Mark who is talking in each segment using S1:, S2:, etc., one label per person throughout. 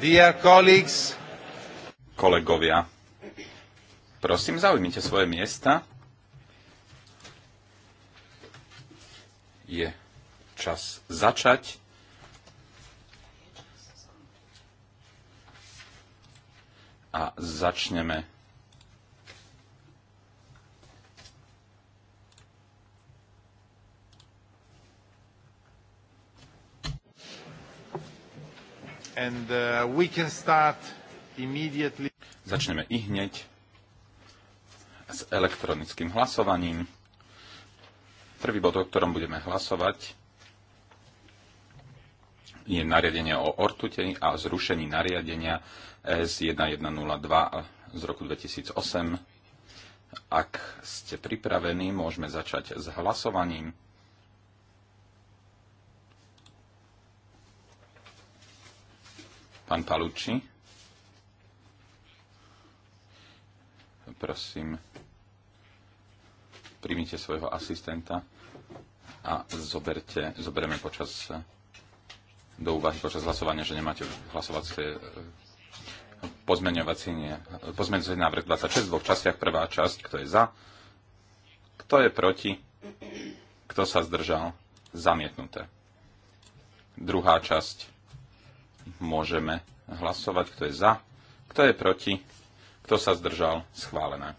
S1: Dear colleagues, kolegovia, prosím, zaujmite svoje miesta. Je čas začať. A začneme And uh, we can start immediately. Začneme i hneď s elektronickým hlasovaním. Prvý bod, o ktorom budeme hlasovať, je nariadenie o ortute a zrušení nariadenia S1102 z roku 2008. Ak ste pripravení, môžeme začať s hlasovaním. Pán Palucci. Prosím, primite svojho asistenta a zoberte, zoberieme počas do úvahy počas hlasovania, že nemáte hlasovacie pozmeňovacie nie. Pozmeňovacie návrh 26 v dvoch častiach. Prvá časť, kto je za, kto je proti, kto sa zdržal, zamietnuté. Druhá časť, Môžeme hlasovať, kto je za, kto je proti, kto sa zdržal, schválené.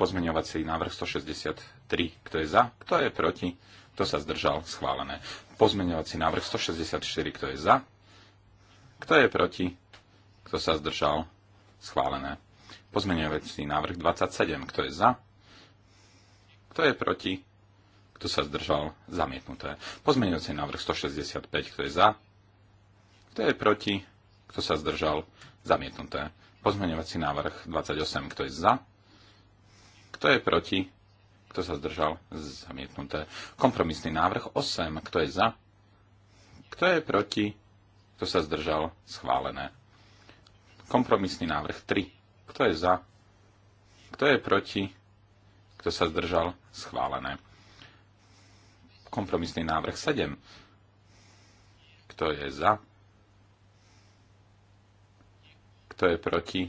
S1: Pozmeňovací návrh 163, kto je za, kto je proti, kto sa zdržal, schválené. Pozmeňovací návrh 164, kto je za, kto je proti, kto sa zdržal, schválené. Pozmeňovací návrh 27, kto je za, kto je proti, kto sa zdržal, zamietnuté. Pozmeňovací návrh 165, kto je za, kto je proti? Kto sa zdržal? Zamietnuté. Pozmeňovací návrh 28. Kto je za? Kto je proti? Kto sa zdržal? Zamietnuté. Kompromisný návrh 8. Kto je za? Kto je proti? Kto sa zdržal? Schválené. Kompromisný návrh 3. Kto je za? Kto je proti? Kto sa zdržal? Schválené. Kompromisný návrh 7. Kto je za? Kto je proti?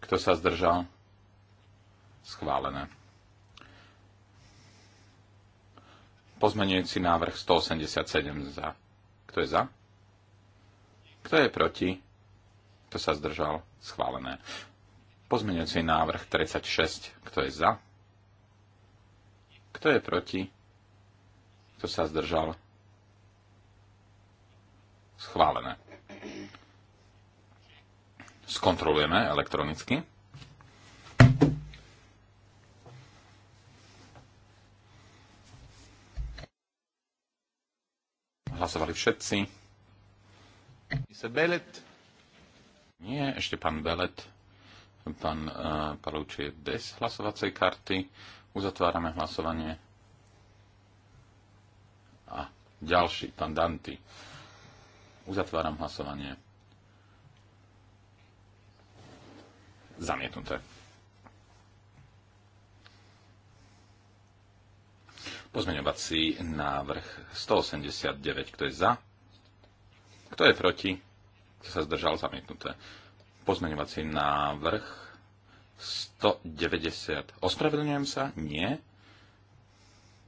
S1: Kto sa zdržal? Schválené. Pozmenujúci návrh 187 za. Kto je za? Kto je proti? Kto sa zdržal? Schválené. Pozmenujúci návrh 36. Kto je za? Kto je proti? Kto sa zdržal? Schválené skontrolujeme elektronicky. Hlasovali všetci. Nie, ešte pán Belet. Pán uh, eh, Palúči je bez hlasovacej karty. Uzatvárame hlasovanie. A ďalší, pán Danty. Uzatváram hlasovanie. Zamietnuté. Pozmeňovací návrh 189. Kto je za? Kto je proti? Kto sa zdržal? Zamietnuté. Pozmeňovací návrh 190. Ospravedlňujem sa? Nie.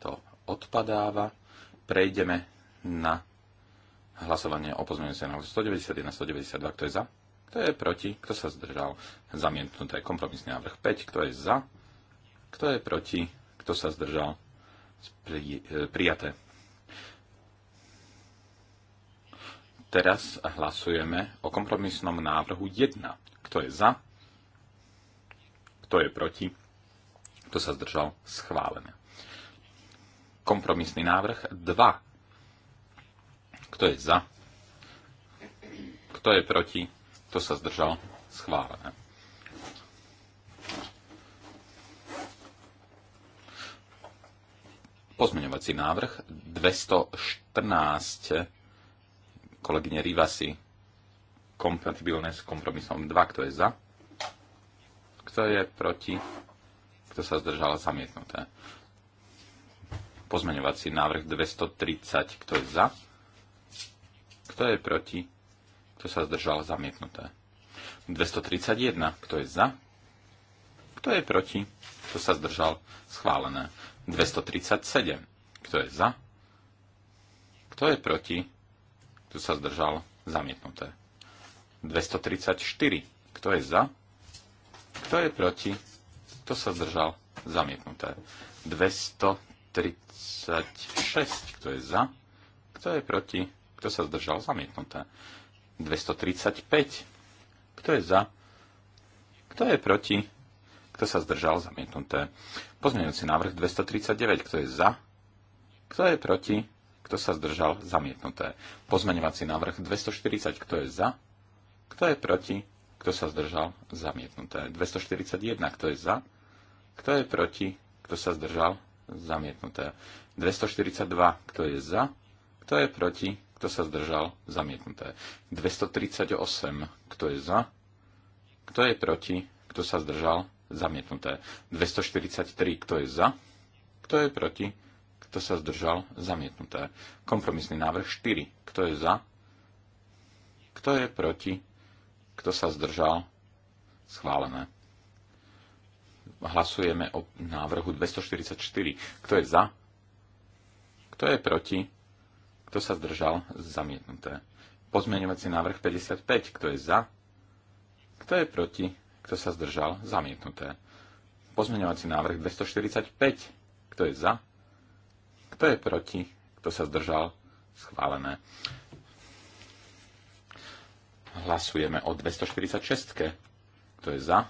S1: To odpadáva. Prejdeme na hlasovanie o pozmeňovací návrh 191, 192. Kto je za? Kto je proti? Kto sa zdržal? Zamietnuté. Kompromisný návrh 5. Kto je za? Kto je proti? Kto sa zdržal? Pri, e, prijaté. Teraz hlasujeme o kompromisnom návrhu 1. Kto je za? Kto je proti? Kto sa zdržal? Schválené. Kompromisný návrh 2. Kto je za? Kto je proti? Kto sa zdržal? Schválené. Pozmeňovací návrh 214 kolegyne Rivasi kompatibilné s kompromisom 2. Kto je za? Kto je proti? Kto sa zdržal? Zamietnuté. Pozmeňovací návrh 230. Kto je za? Kto je proti? Kto sa zdržal? Zamietnuté. 231. Kto je za? Kto je proti? Kto sa zdržal? Schválené. 237. Kto je za? Kto je proti? Kto sa zdržal? Zamietnuté. 234. Kto je za? Kto je proti? Kto sa zdržal? Zamietnuté. 236. Kto je za? Kto je proti? Kto sa zdržal? Zamietnuté. 235. Kto je za? Kto je proti? Kto sa zdržal? Zamietnuté. Pozmeňujúci návrh 239. Kto je za? Kto je proti? Kto sa zdržal? Zamietnuté. Pozmeňovací návrh 240. Kto je za? Kto je proti? Kto sa zdržal? Zamietnuté. 241. Kto je za? Kto je proti? Kto sa zdržal? Zamietnuté. 242. Kto je za? Kto je proti? Kto sa zdržal? Zamietnuté. 238. Kto je za? Kto je proti? Kto sa zdržal? Zamietnuté. 243. Kto je za? Kto je proti? Kto sa zdržal? Zamietnuté. Kompromisný návrh 4. Kto je za? Kto je proti? Kto sa zdržal? Schválené. Hlasujeme o návrhu 244. Kto je za? Kto je proti? Kto sa zdržal? Zamietnuté. Pozmeňovací návrh 55. Kto je za? Kto je proti? Kto sa zdržal? Zamietnuté. Pozmeňovací návrh 245. Kto je za? Kto je proti? Kto sa zdržal? Schválené. Hlasujeme o 246. Kto je za?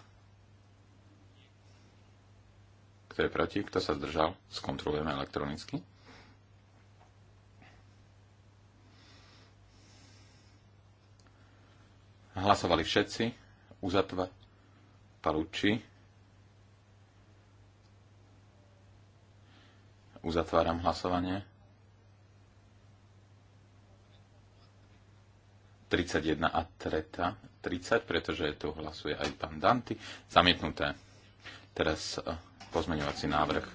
S1: Kto je proti? Kto sa zdržal? Skontrolujeme elektronicky. Hlasovali všetci. Uzatva palúči. Uzatváram hlasovanie. 31 a 3, 30, pretože tu hlasuje aj pán Danty. Zamietnuté. Teraz e, pozmeňovací návrh.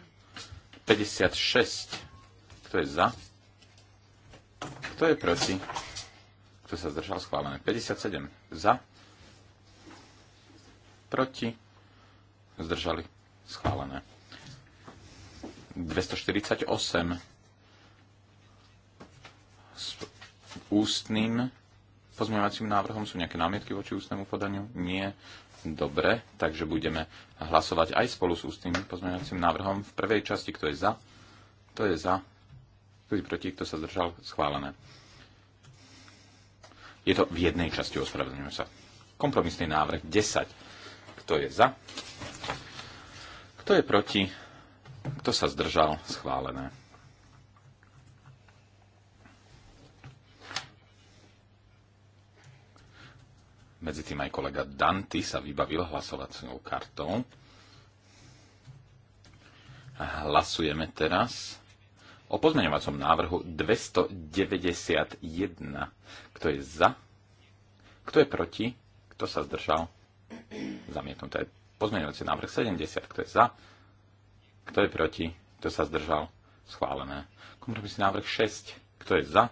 S1: 56. Kto je za? Kto je proti? Kto sa zdržal? Schválené. 57 za. Proti. Zdržali. Schválené. 248 s ústnym pozmeňovacím návrhom. Sú nejaké námietky voči ústnemu podaniu? Nie. Dobre, takže budeme hlasovať aj spolu s ústnym pozmeňovacím návrhom v prvej časti, kto je za, kto je za, kto je proti, kto sa zdržal, schválené. Je to v jednej časti, ospravedlňujem sa. Kompromisný návrh 10. Kto je za? Kto je proti? Kto sa zdržal? Schválené. Medzi tým aj kolega Danty sa vybavil hlasovacou kartou. Hlasujeme teraz o pozmeňovacom návrhu 291. Kto je za? Kto je proti? Kto sa zdržal? Zamietnuté. Pozmeňovací návrh 70. Kto je za? Kto je proti? Kto sa zdržal? Schválené. Kompromisný návrh 6. Kto je za?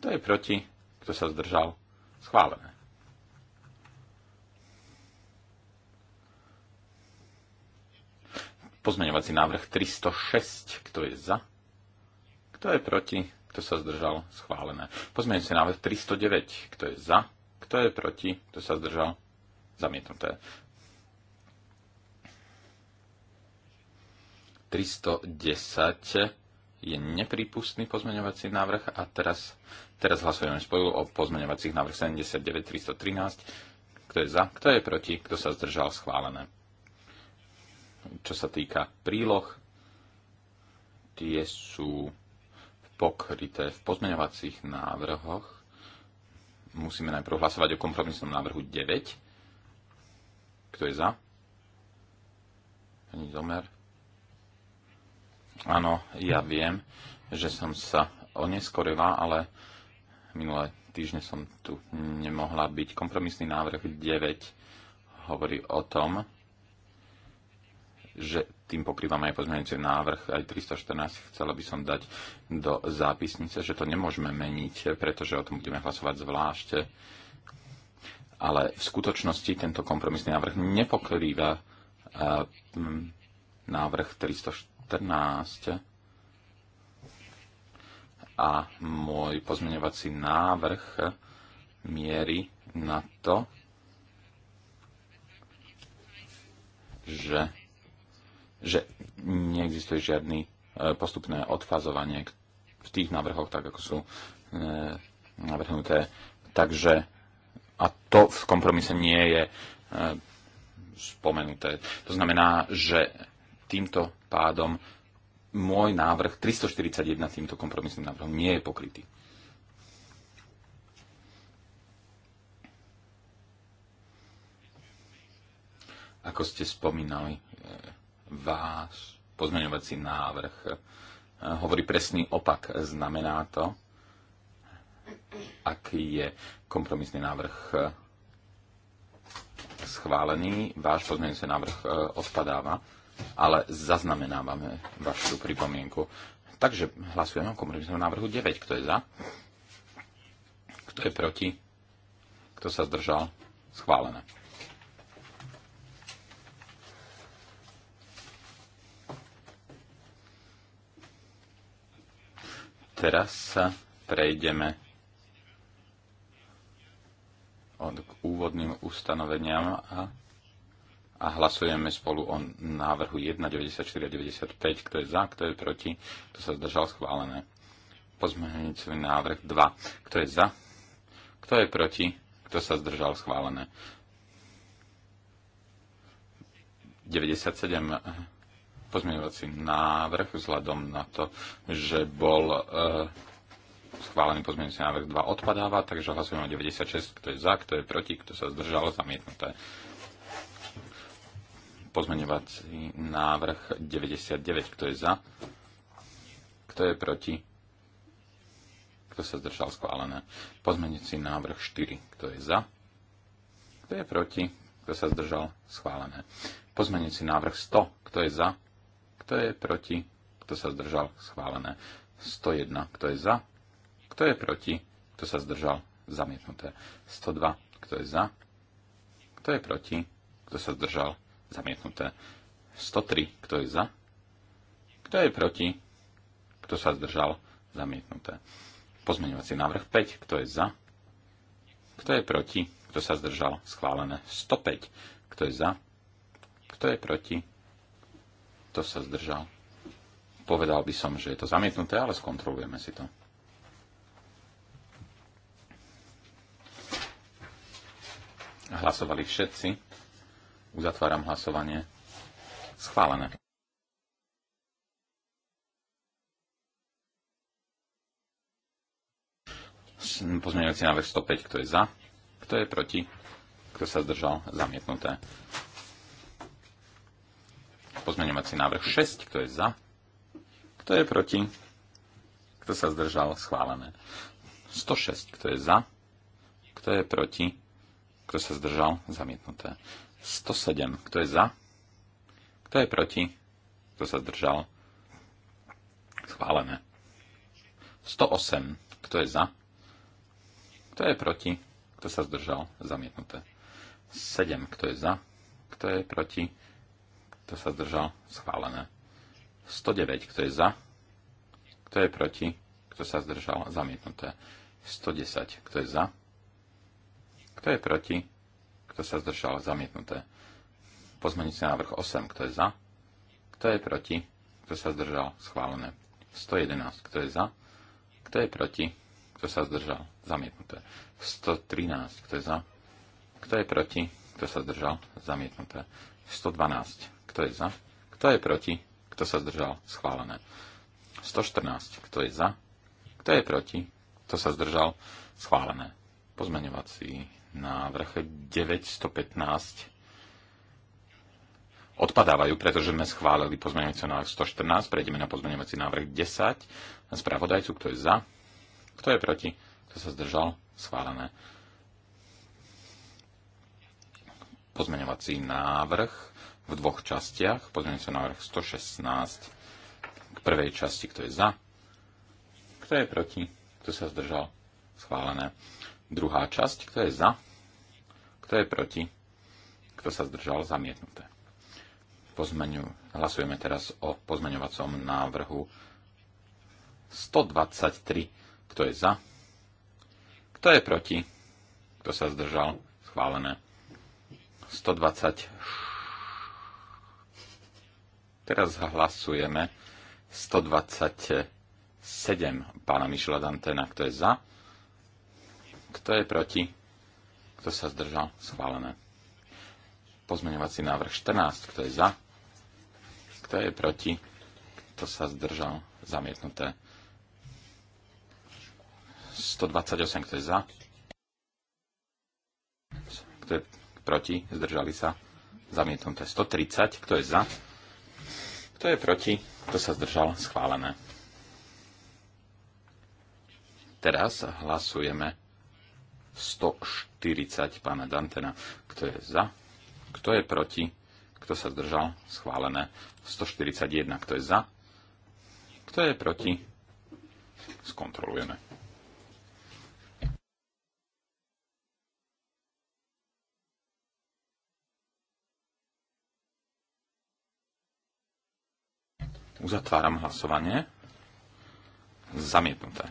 S1: Kto je proti? Kto sa zdržal? Schválené. Pozmeňovací návrh 306. Kto je za? Kto je proti? Kto sa zdržal? Schválené. si návrh 309. Kto je za? Kto je proti? Kto sa zdržal? Zamietnuté. 310 je nepripustný pozmeňovací návrh a teraz, teraz hlasujeme spolu o pozmeňovacích návrh 79 313. Kto je za, kto je proti, kto sa zdržal schválené. Čo sa týka príloh, tie sú pokryté v pozmeňovacích návrhoch. Musíme najprv hlasovať o kompromisnom návrhu 9. Kto je za? Pani Zomer? Áno, ja viem, že som sa oneskorila, ale minulé týždne som tu nemohla byť. Kompromisný návrh 9 hovorí o tom, že tým pokrývam aj pozmeňujúci návrh, aj 314. Chcela by som dať do zápisnice, že to nemôžeme meniť, pretože o tom budeme hlasovať zvlášť. Ale v skutočnosti tento kompromisný návrh nepokrýva e, návrh 314 a môj pozmeňovací návrh miery na to, že že neexistuje žiadny e, postupné odfazovanie v tých návrhoch, tak ako sú e, navrhnuté. Takže a to v kompromise nie je e, spomenuté. To znamená, že týmto pádom môj návrh 341 týmto kompromisným návrhom nie je pokrytý. Ako ste spomínali, váš pozmeňovací návrh e, hovorí presný opak. Znamená to, aký je kompromisný návrh e, schválený, váš pozmeňovací návrh e, odpadáva, ale zaznamenávame vašu pripomienku. Takže hlasujeme o kompromisnom návrhu 9. Kto je za? Kto je proti? Kto sa zdržal? Schválené. Teraz sa prejdeme od k úvodným ustanoveniam a, a hlasujeme spolu o návrhu 1, 94 a 95, kto je za, kto je proti, kto sa zdržal schválené. Pozmeňujúci návrh 2, kto je za, kto je proti, kto sa zdržal schválené. 97 pozmeňovací návrh vzhľadom na to, že bol e, schválený pozmeňovací návrh 2 odpadáva, takže hlasujeme o 96, kto je za, kto je proti, kto sa zdržal, zamietnuté. Pozmeňovací návrh 99, kto je za, kto je proti, kto sa zdržal, schválené. Pozmeňovací návrh 4, kto je za, kto je proti, kto sa zdržal, schválené. Pozmeňujúci návrh 100, kto je za, kto je proti? Kto sa zdržal? Schválené. 101. Kto je za? Kto je proti? Kto sa zdržal? Zamietnuté. 102. Kto je za? Kto je proti? Kto sa zdržal? Zamietnuté. 103. Kto je za? Kto je proti? Kto sa zdržal? Zamietnuté. Pozmeňovací návrh 5. Kto je za? Kto je proti? Kto sa zdržal? Schválené. 105. Kto je za? Kto je proti? Kto sa zdržal? Povedal by som, že je to zamietnuté, ale skontrolujeme si to. Hlasovali všetci. Uzatváram hlasovanie. Schválené. Pozmeňujúci návrh 105, kto je za, kto je proti, kto sa zdržal, zamietnuté. Pozmeňovací návrh 6. Kto je za? Kto je proti? Kto sa zdržal? Schválené. 106. Kto je za? Kto je proti? Kto sa zdržal? Zamietnuté. 107. Kto je za? Kto je proti? Kto sa zdržal? Schválené. 108. Kto je za? Kto je proti? Kto sa zdržal? Zamietnuté. 7. Kto je za? Kto je proti? Kto sa zdržal? Schválené. 109. Kto je za? Kto je proti? Kto sa zdržal? Zamietnuté. 110. Kto je za? Kto je proti? Kto sa zdržal? Zamietnuté. sa návrh 8. Kto je za? Kto je proti? Kto sa zdržal? Schválené. 111. Kto je za? Kto je proti? Kto sa zdržal? Zamietnuté. 113. Kto je za? Kto je proti? Kto sa zdržal? Zamietnuté. 112. Kto je za? Kto je proti? Kto sa zdržal? Schválené. 114. Kto je za? Kto je proti? Kto sa zdržal? Schválené. Pozmeňovací návrh 915 odpadávajú, pretože sme schválili pozmeňovací návrh 114. Prejdeme na pozmeňovací návrh 10. Spravodajcu, kto je za? Kto je proti? Kto sa zdržal? Schválené. Pozmeňovací návrh v dvoch častiach. na návrh 116 k prvej časti, kto je za, kto je proti, kto sa zdržal, schválené. Druhá časť, kto je za, kto je proti, kto sa zdržal, zamietnuté. Pozmeňu, hlasujeme teraz o pozmeňovacom návrhu 123. Kto je za? Kto je proti? Kto sa zdržal? Schválené. 126. Teraz hlasujeme 127 pána Mišela Dantena, kto je za, kto je proti, kto sa zdržal, schválené. Pozmeňovací návrh 14, kto je za, kto je proti, kto sa zdržal, zamietnuté. 128, kto je za, kto je proti, zdržali sa, zamietnuté. 130, kto je za, kto je proti? Kto sa zdržal? Schválené. Teraz hlasujeme 140 pána Dantena. Kto je za? Kto je proti? Kto sa zdržal? Schválené. 141. Kto je za? Kto je proti? Skontrolujeme. Uzatváram hlasovanie. Zamietnuté.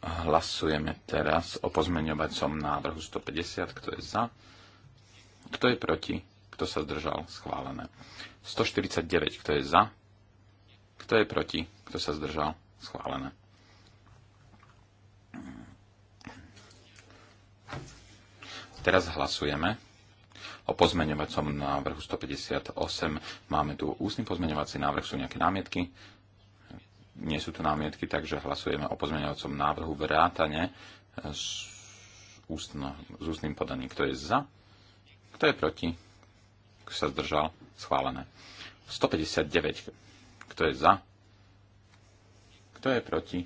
S1: Hlasujeme teraz o pozmeňovacom návrhu 150. Kto je za? Kto je proti? Kto sa zdržal? Schválené. 149. Kto je za? Kto je proti? Kto sa zdržal? Schválené. Teraz hlasujeme o pozmeňovacom návrhu 158. Máme tu ústny pozmeňovací návrh, sú nejaké námietky? Nie sú tu námietky, takže hlasujeme o pozmeňovacom návrhu vrátane s, ústno, s ústnym podaním. Kto je za? Kto je proti? Kto sa zdržal? Schválené. 159. Kto je za? Kto je proti?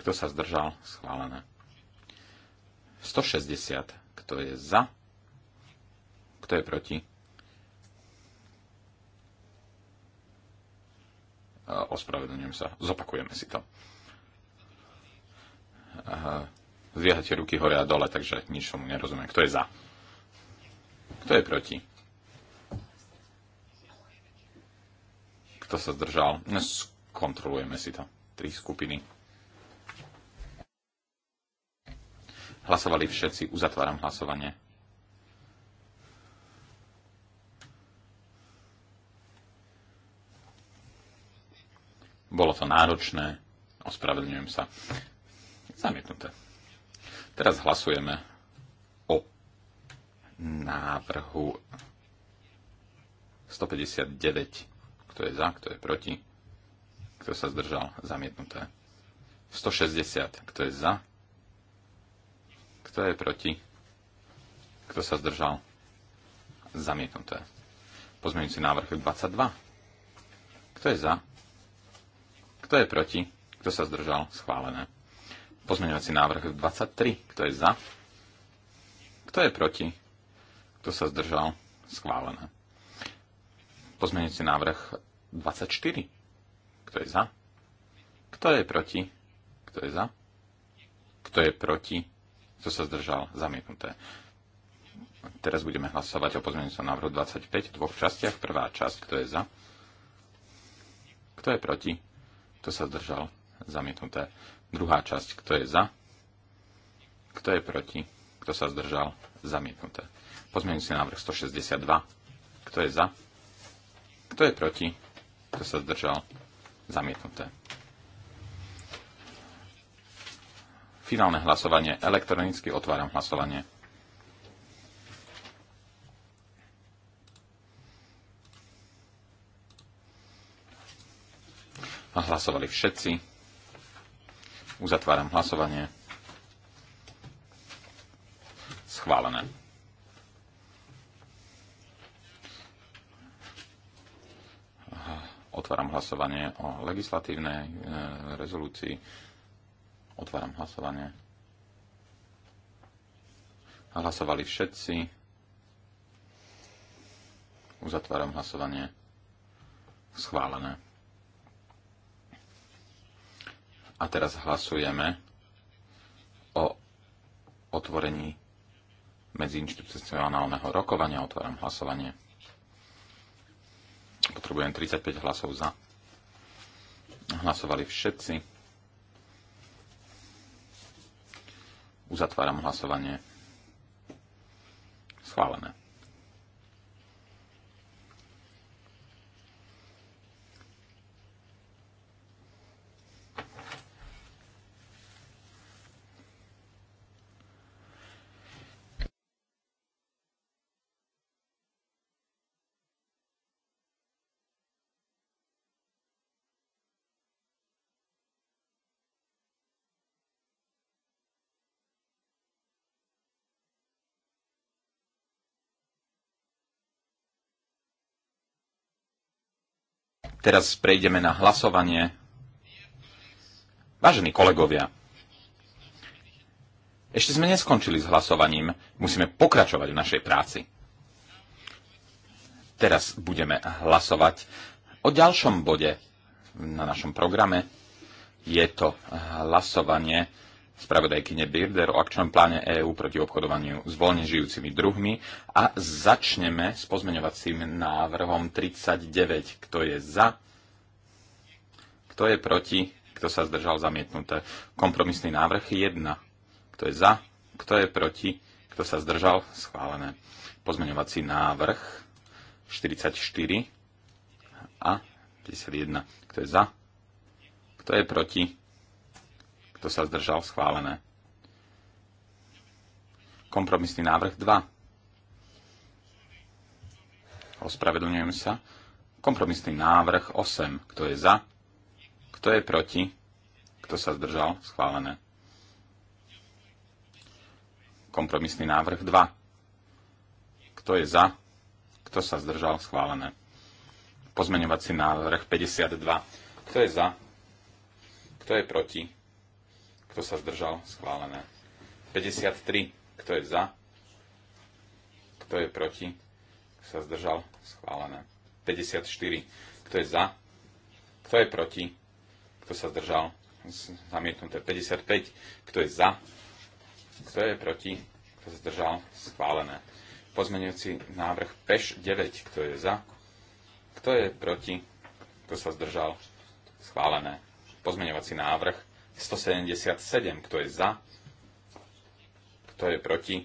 S1: Kto sa zdržal? Schválené. 160. Kto je za? Kto je proti? Ospravedlňujem sa. Zopakujeme si to. Zviehate ruky hore a dole, takže ničomu nerozumiem. Kto je za? Kto je proti? Kto sa zdržal? No, skontrolujeme si to. Tri skupiny. Hlasovali všetci. Uzatváram hlasovanie. Bolo to náročné, ospravedlňujem sa. Zamietnuté. Teraz hlasujeme o návrhu 159. Kto je za, kto je proti, kto sa zdržal, zamietnuté. 160. Kto je za, kto je proti, kto sa zdržal, zamietnuté. Pozmeňujúci návrh 22. Kto je za? Kto je proti? Kto sa zdržal? Schválené. Pozmeňovací návrh 23. Kto je za? Kto je proti? Kto sa zdržal? Schválené. Pozmeňujúci návrh 24. Kto je za? Kto je proti? Kto je za? Kto je proti? Kto sa zdržal? Zamietnuté. Teraz budeme hlasovať o pozmeňujúcom návrhu 25 v dvoch častiach. Prvá časť, kto je za? Kto je proti? Kto sa zdržal? Zamietnuté. Druhá časť. Kto je za? Kto je proti? Kto sa zdržal? Zamietnuté. Pozmeňujúci návrh 162. Kto je za? Kto je proti? Kto sa zdržal? Zamietnuté. Finálne hlasovanie. Elektronicky otváram hlasovanie. Hlasovali všetci. Uzatváram hlasovanie. Schválené. Otváram hlasovanie o legislatívnej e, rezolúcii. Otváram hlasovanie. Hlasovali všetci. Uzatváram hlasovanie. Schválené. A teraz hlasujeme o otvorení medziinstitucionálneho rokovania. Otváram hlasovanie. Potrebujem 35 hlasov za. Hlasovali všetci. Uzatváram hlasovanie. Schválené. Teraz prejdeme na hlasovanie. Vážení kolegovia, ešte sme neskončili s hlasovaním. Musíme pokračovať v našej práci. Teraz budeme hlasovať o ďalšom bode na našom programe. Je to hlasovanie spravodajkyne Birder o akčnom pláne EÚ proti obchodovaniu s voľne žijúcimi druhmi a začneme s pozmeňovacím návrhom 39. Kto je za? Kto je proti? Kto sa zdržal zamietnuté? Kompromisný návrh 1. Kto je za? Kto je proti? Kto sa zdržal? Schválené. Pozmeňovací návrh 44 a 51. Kto je za? Kto je proti? Kto sa zdržal? Schválené. Kompromisný návrh 2. Ospravedlňujem sa. Kompromisný návrh 8. Kto je za? Kto je proti? Kto sa zdržal? Schválené. Kompromisný návrh 2. Kto je za? Kto sa zdržal? Schválené. Pozmeňovací návrh 52. Kto je za? Kto je proti? Kto sa zdržal? Schválené. 53. Kto je za? Kto je proti? Kto sa zdržal? Schválené. 54. Kto je za? Kto je proti? Kto sa zdržal? Zamietnuté. 55. Kto je za? Kto je proti? Kto sa zdržal? Schválené. Pozmeňujúci návrh PEŠ 9. Kto je za? Kto je proti? Kto sa zdržal? Schválené. Pozmeňovací návrh 177, kto je za, kto je proti,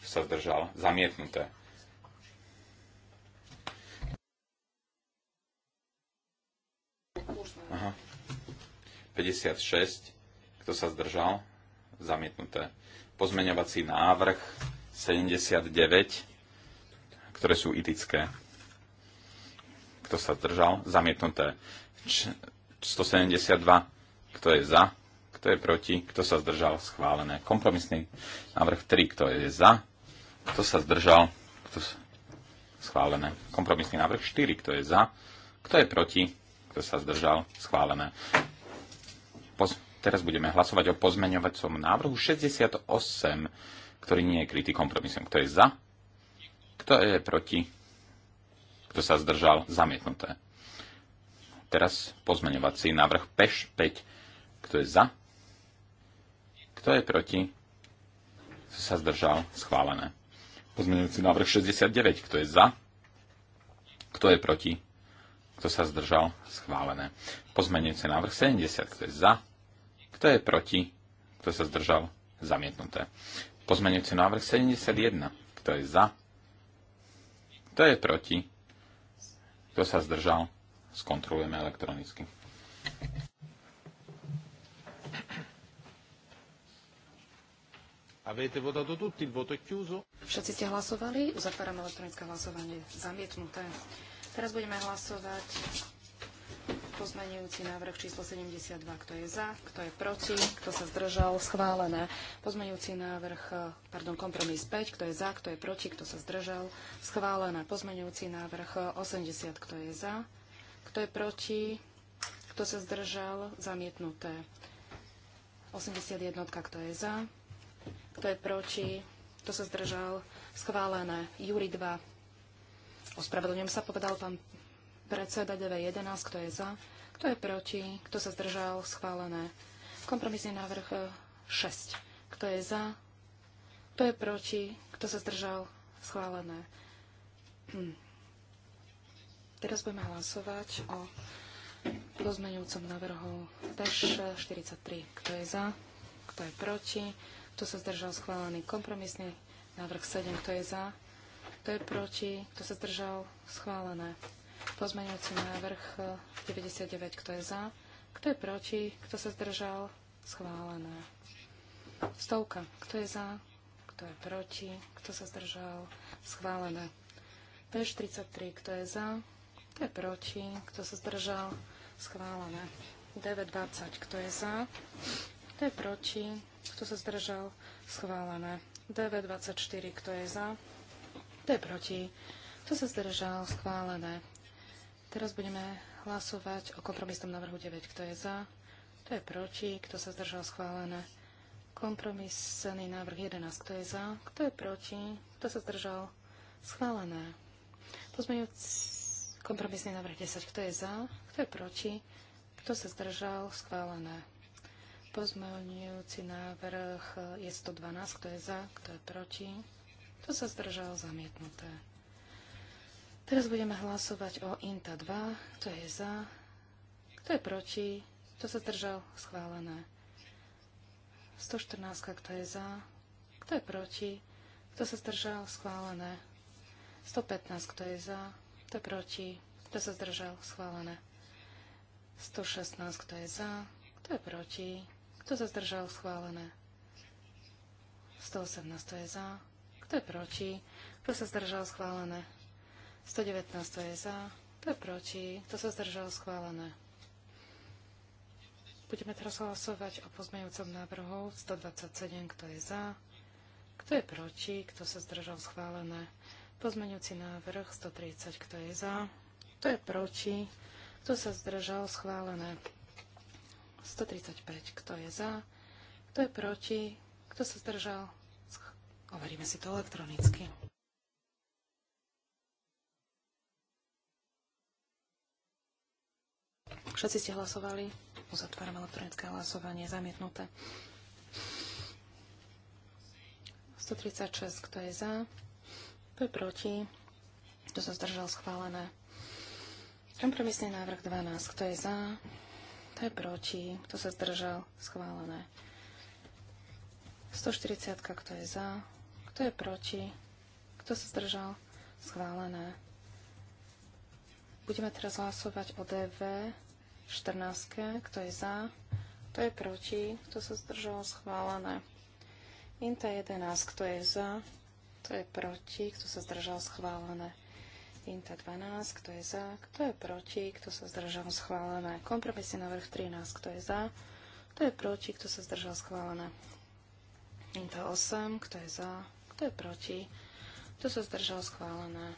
S1: kto sa zdržal, zamietnuté. Aha. 56, kto sa zdržal, zamietnuté. Pozmeňovací návrh 79, ktoré sú itické. Kto sa zdržal, zamietnuté. Č 172, kto je za, kto je proti, kto sa zdržal, schválené. Kompromisný návrh 3, kto je za, kto sa zdržal, kto sa... schválené. Kompromisný návrh 4, kto je za, kto je proti, kto sa zdržal, schválené. Poz... Teraz budeme hlasovať o pozmeňovacom návrhu 68, ktorý nie je krytý kompromisom. Kto je za, kto je proti, kto sa zdržal, zamietnuté teraz pozmeňovací návrh PEŠ 5. Kto je za? Kto je proti? Kto sa zdržal? Schválené. Pozmeňujúci návrh 69. Kto je za? Kto je proti? Kto sa zdržal? Schválené. Pozmeňujúci návrh 70. Kto je za? Kto je proti? Kto sa zdržal? Zamietnuté. Pozmeňujúci návrh 71. Kto je za? Kto je proti? Kto sa zdržal? Skontrolujeme elektronicky. Avete votato tutti, il voto è chiuso. Všetci ste
S2: hlasovali, uzatváram elektronické hlasovanie. Zamietnuté. Teraz budeme hlasovať pozmenujúci návrh číslo 72. Kto je za, kto je proti, kto sa zdržal, schválené. Pozmenujúci návrh, pardon, kompromis 5. Kto je za, kto je proti, kto sa zdržal, schválené. Pozmenujúci návrh 80. Kto je za, kto je proti, kto sa zdržal, zamietnuté. 81. Kto je za, kto je proti? Kto sa zdržal? Schválené. Júri 2. Ospravedlňujem sa, povedal pán predseda 911. Kto je za? Kto je proti? Kto sa zdržal? Schválené. Kompromisný návrh 6. E, Kto je za? Kto je proti? Kto sa zdržal? Schválené. Hm. Teraz budeme hlasovať o pozmeňujúcom návrhu PEŠ 43. E, Kto je za? Kto je proti? Kto sa zdržal? Schválený. Kompromisný návrh 7. Kto je za? Kto je proti? Kto sa zdržal? Schválené. Pozmeňujúci návrh 99. Kto je za? Kto je proti? Kto sa zdržal? Schválené. Stovka. Kto je za? Kto je proti? Kto sa zdržal? Schválené. P43. Kto je za? Kto je proti? Kto sa zdržal? Schválené. 920. Kto je za? Kto je proti? Kto sa zdržal? Schválené. DV24. Kto je za? Kto je proti? Kto sa zdržal? Schválené. Teraz budeme hlasovať o kompromisnom návrhu 9. Kto je za? Kto je proti? Kto sa zdržal? Schválené. Kompromisný návrh 11. Kto je za? Kto je proti? Kto sa zdržal? Schválené. Pozmeňujúci Kompromisný návrh 10. Kto je za? Kto je proti? Kto sa zdržal? Schválené. Pozmeňujúci návrh je 112, kto je za, kto je proti. Kto sa zdržal, zamietnuté. Teraz budeme hlasovať o INTA 2, kto je za, kto je proti, kto sa zdržal, schválené. 114, kto je za, kto je proti, kto sa zdržal, schválené. 115, kto je za, kto je proti, kto sa zdržal, schválené. 116, kto je za, kto je proti, kto sa zdržal? Schválené. 118 je za. Kto je proti? Kto sa zdržal? Schválené. 119 je za. Kto je proti? Kto sa zdržal? Schválené. Budeme teraz hlasovať o pozmeňujúcom návrhu 127. Kto je za? Kto je proti? Kto sa zdržal? Schválené. Pozmeňujúci návrh 130. Kto je za? Kto je proti? Kto sa zdržal? Schválené. 135. Kto je za? Kto je proti? Kto sa zdržal? Overíme si to elektronicky. Všetci ste hlasovali. Uzatváram elektronické hlasovanie. Zamietnuté. 136. Kto je za? Kto je proti? Kto sa zdržal? Schválené. Kompromisný návrh 12. Kto je za? to je proti, kto sa zdržal, schválené. 140, kto je za, kto je proti, kto sa zdržal, schválené. Budeme teraz hlasovať o DV 14, kto je za, kto je proti, kto sa zdržal, schválené. Inta 11, kto je za, kto je proti, kto sa zdržal, schválené. Inta 12, kto je za, kto je proti, kto sa zdržal schválené. Kompromisný návrh 13, kto je za, kto je proti, kto sa zdržal schválené. Inta 8, kto je za, kto je proti, kto sa zdržal schválené.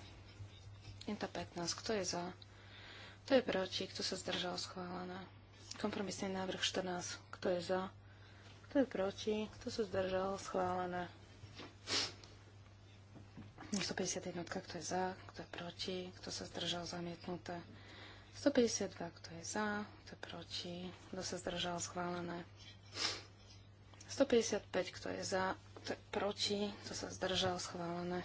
S2: Inta 15, kto je za, kto je proti, kto sa zdržal schválené. Kompromisný návrh 14, kto je za, kto je proti, kto sa zdržal schválené. 151, kto je za, kto je proti, kto sa zdržal zamietnuté. 152, kto je za, kto je proti, kto sa zdržal schválené. 155, kto je za, kto je proti, kto sa zdržal schválené.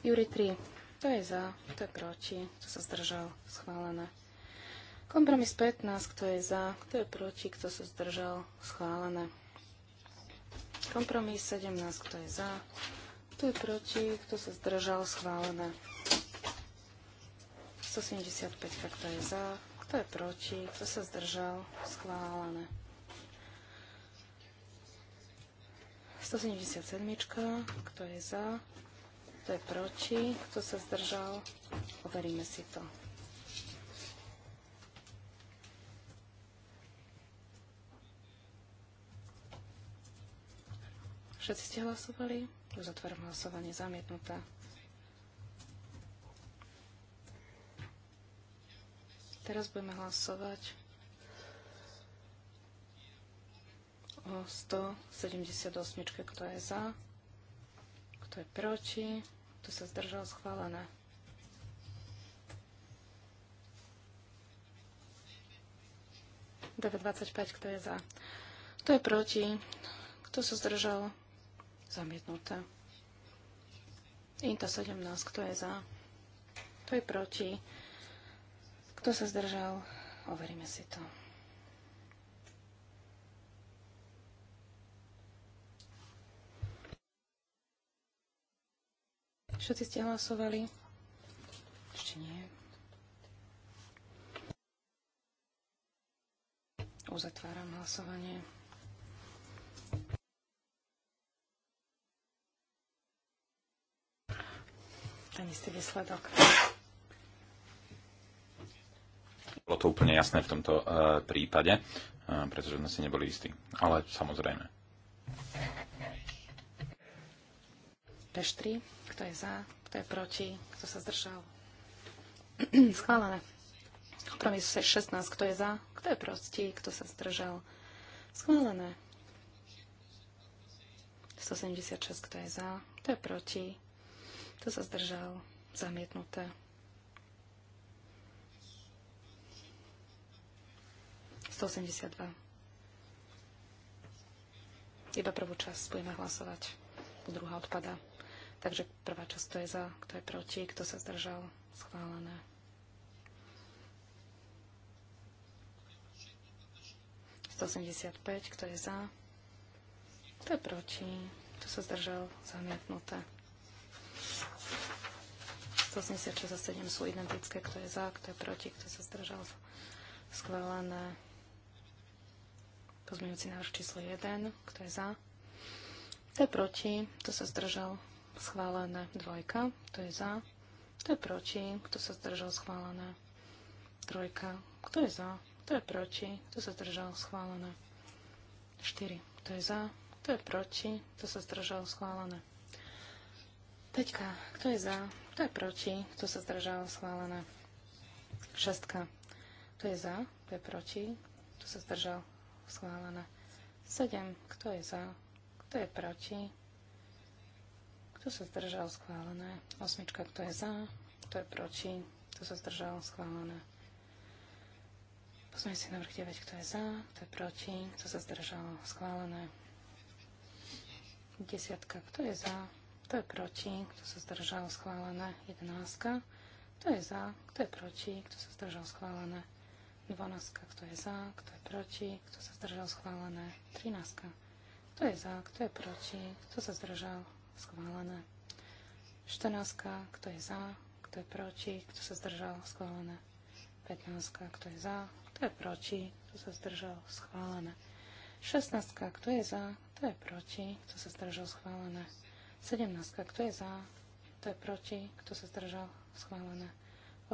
S2: Júri 3, kto je za, kto je proti, kto sa zdržal schválené. Kompromis 15, kto je za, kto je proti, kto sa zdržal schválené. Kompromis 17, kto je za, kto je proti? Kto sa zdržal? Schválené. 175. Kto je za? Kto je proti? Kto sa zdržal? Schválené. 177. Kto je za? Kto je proti? Kto sa zdržal? Overíme si to. Všetci ste hlasovali? Uzatváram hlasovanie zamietnutá. Teraz budeme hlasovať o 178, kto je za, kto je proti, kto sa zdržal schválené. DV25, kto je za, kto je proti, kto sa zdržal Zamietnuté. Inta 17. Kto je za? Kto je proti? Kto sa zdržal? Overíme si to. Všetci ste hlasovali? Ešte nie. Uzatváram hlasovanie. istý výsledok.
S1: Bolo to úplne jasné v tomto e, prípade, e, pretože sme si neboli istí. Ale samozrejme.
S2: Peš 3. Kto je za? Kto je proti? Kto sa zdržal? Schválené. Kompromis 16. Kto je za? Kto je proti? Kto sa zdržal? Schválené. 176. Kto je za? Kto je proti? Kto sa zdržal? Zamietnuté. Iba prvú časť budeme hlasovať. Druhá odpada. Takže prvá časť, to je za, kto je proti, kto sa zdržal, schválené. 185, kto je za, kto je proti, kto sa zdržal, zamietnuté. 186 a 7 sú identické, kto je za, kto je proti, kto sa zdržal. Schválené. Pozmeňujúci návrh číslo 1, kto je za, kto je proti, kto sa zdržal. Schválené. Dvojka, kto je za, kto je proti, kto sa zdržal. Schválené. Trojka, kto je za, kto je proti, kto sa zdržal. Schválené. 4, kto je za, kto je proti, kto sa zdržal. Schválené. Peťka, kto je za? Kto je proti? Kto sa zdržal? Schválené. Šestka. Kto je za? Kto je proti? Kto sa zdržal? Schválené. Sedem. Kto je za? Kto je proti? Kto sa zdržal? Schválené. Osmička. Kto je za? Kto je proti? Kto sa zdržal? Schválené. Pozmeň si návrh 9. Kto je za? Kto je proti? Kto sa zdržal? Schválené. Desiatka. Kto je za? Kto je proti? Kto sa zdržal? Schválené. 11. Kto je za? Kto je proti? Kto sa zdržal? Schválené. 12. Kto je za? Kto je proti? Kto sa zdržal? Schválené. 13. Kto je za? Kto je proti? Kto sa zdržal? Schválené. 14. Kto je za? Kto je proti? Kto sa zdržal? Schválené. 15. Kto je za? Kto je proti? Kto sa zdržal? Schválené. 16. Kto je za? Kto je proti? Kto sa zdržal? Schválené. 17. Kto je za? Kto je proti? Kto sa zdržal? Schválené.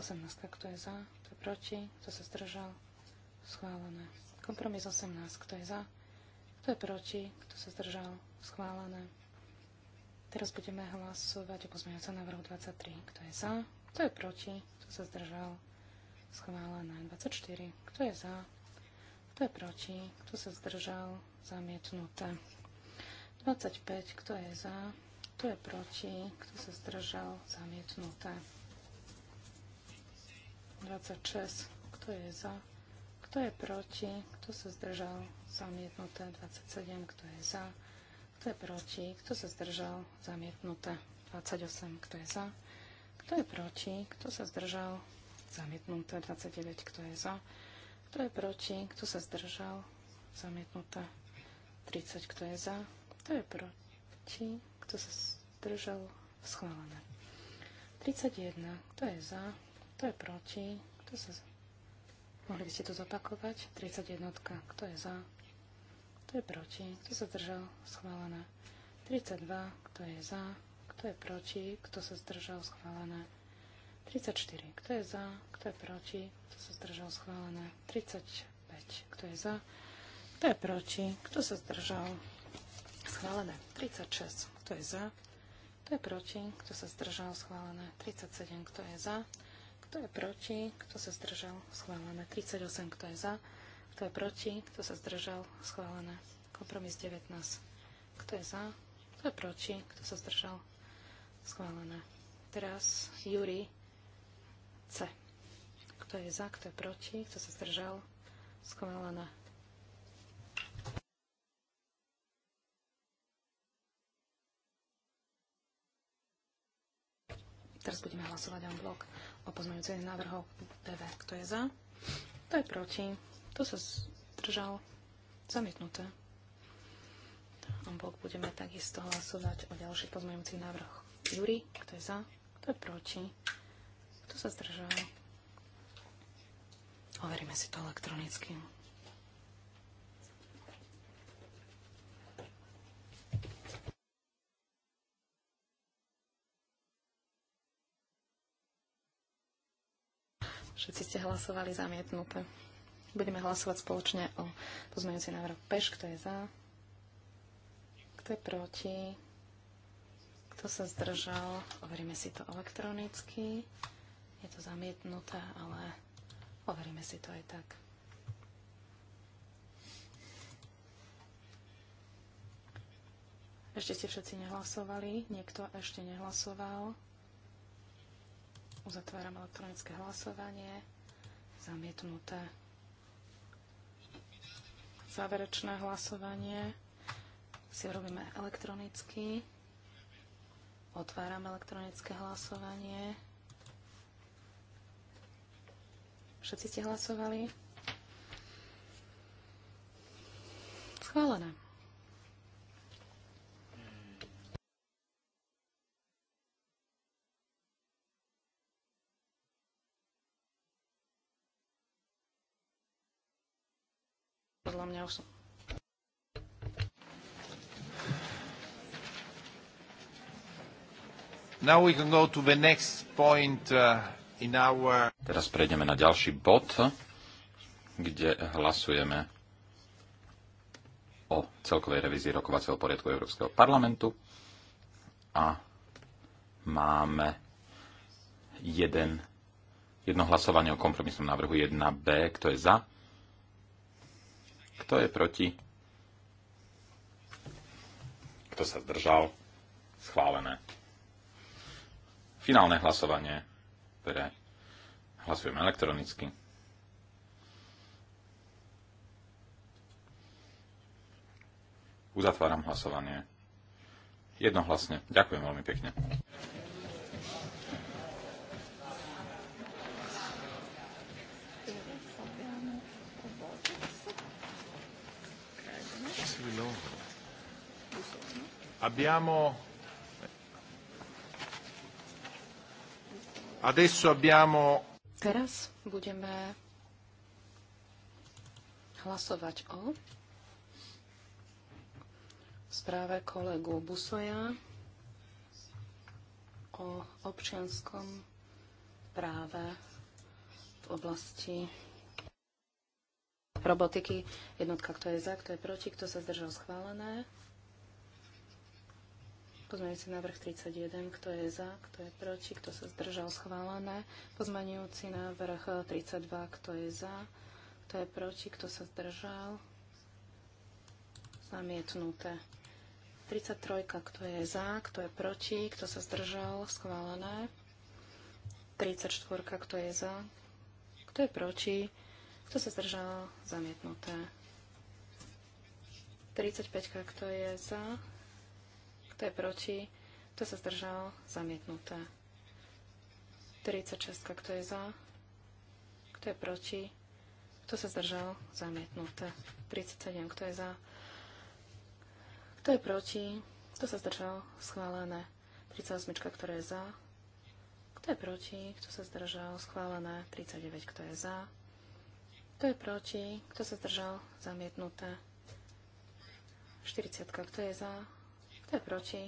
S2: 18. Kto je za? Kto je proti? Kto sa zdržal? Schválené. Kompromis 18. Kto je za? Kto je proti? Kto sa zdržal? Schválené. Teraz budeme hlasovať o pozmeňovacom návrhu 23. Kto je za? Kto je proti? Kto sa zdržal? Schválené. 24. Kto je za? Kto je proti? Kto sa zdržal? Zamietnuté. 25. Kto je za? Kto je proti? Kto sa zdržal? Zamietnuté. 26. Kto je za? Kto je proti? Kto sa zdržal? Zamietnuté. 27. Kto je za? Kto je proti? Kto sa zdržal? Zamietnuté. 28. Kto je za? Kto je proti? Kto sa zdržal? Zamietnuté. 29. Kto je za? Kto je proti? Kto sa zdržal? Zamietnuté. 30. Kto je za? Kto je proti? Kto sa zdržal? Schválené. 31. Kto je za? Kto je proti? Kto sa... Mohli by ste to zopakovať? 31. Kto je za? Kto je proti? Kto sa zdržal? Schválené. 32. Kto je za? Kto je proti? Kto sa zdržal? Schválené. 34. Kto je za? Kto je proti? Kto sa zdržal? Schválené. 35. Kto je za? Kto je proti? Kto sa zdržal? Schválené. 36 kto je za, kto je proti, kto sa zdržal, schválené 37, kto je za, kto je proti, kto sa zdržal, schválené 38, kto je za, kto je proti, kto sa zdržal, schválené kompromis 19, kto je za, kto je proti, kto sa zdržal, schválené. Teraz Júri C. Kto je za, kto je proti, kto sa zdržal, schválené. Teraz budeme hlasovať en blok o pozmeňujúcich návrhov PV. Kto je za? Kto je proti? Kto sa zdržal? Zamietnuté. En blok budeme takisto hlasovať o ďalších pozmeňujúcich návrhoch. Juri, kto je za? Kto je proti? Kto sa zdržal? Overíme si to elektronicky. Všetci ste hlasovali zamietnuté. Budeme hlasovať spoločne o pozmeňujúci návrh PEŠ. Kto je za? Kto je proti? Kto sa zdržal? Overíme si to elektronicky. Je to zamietnuté, ale overíme si to aj tak. Ešte ste všetci nehlasovali. Niekto ešte nehlasoval. Uzatváram elektronické hlasovanie. Zamietnuté. Záverečné hlasovanie si robíme elektronicky. Otváram elektronické hlasovanie. Všetci ste hlasovali? Schválené. Podľa mňa už som...
S1: Now we can go to the next point uh, in our... Teraz prejdeme na ďalší bod, kde hlasujeme o celkovej revízii rokovacieho poriadku Európskeho parlamentu a máme jeden, jedno hlasovanie o kompromisnom návrhu 1b, kto je za, kto je proti? Kto sa zdržal? Schválené. Finálne hlasovanie, ktoré hlasujeme elektronicky. Uzatváram hlasovanie. Jednohlasne. Ďakujem veľmi pekne. Abbiamo Adesso abbiamo
S2: Teraz budeme hlasovať o správe kolegu Busoja o občianskom práve v oblasti robotiky. Jednotka, kto je za, kto je proti, kto sa zdržal schválené. Pozmeňujúci návrh 31, kto je za, kto je proti, kto sa zdržal, schválené. Pozmeňujúci návrh 32, kto je za, kto je proti, kto sa zdržal, zamietnuté. 33, kto je za, kto je proti, kto sa zdržal, schválené. 34, kto je za, kto je proti, kto sa zdržal, zamietnuté. 35, kto je za, kto je proti, kto sa zdržal, zamietnuté. 36, kto je za, kto je proti, kto sa zdržal, zamietnuté. 37, kto je za, kto je proti, kto sa zdržal, schválené. 38, kto je za, kto je proti, kto sa zdržal, schválené. 39, kto je za, kto je proti, kto sa zdržal, zamietnuté. 40, kto je za, kto je proti?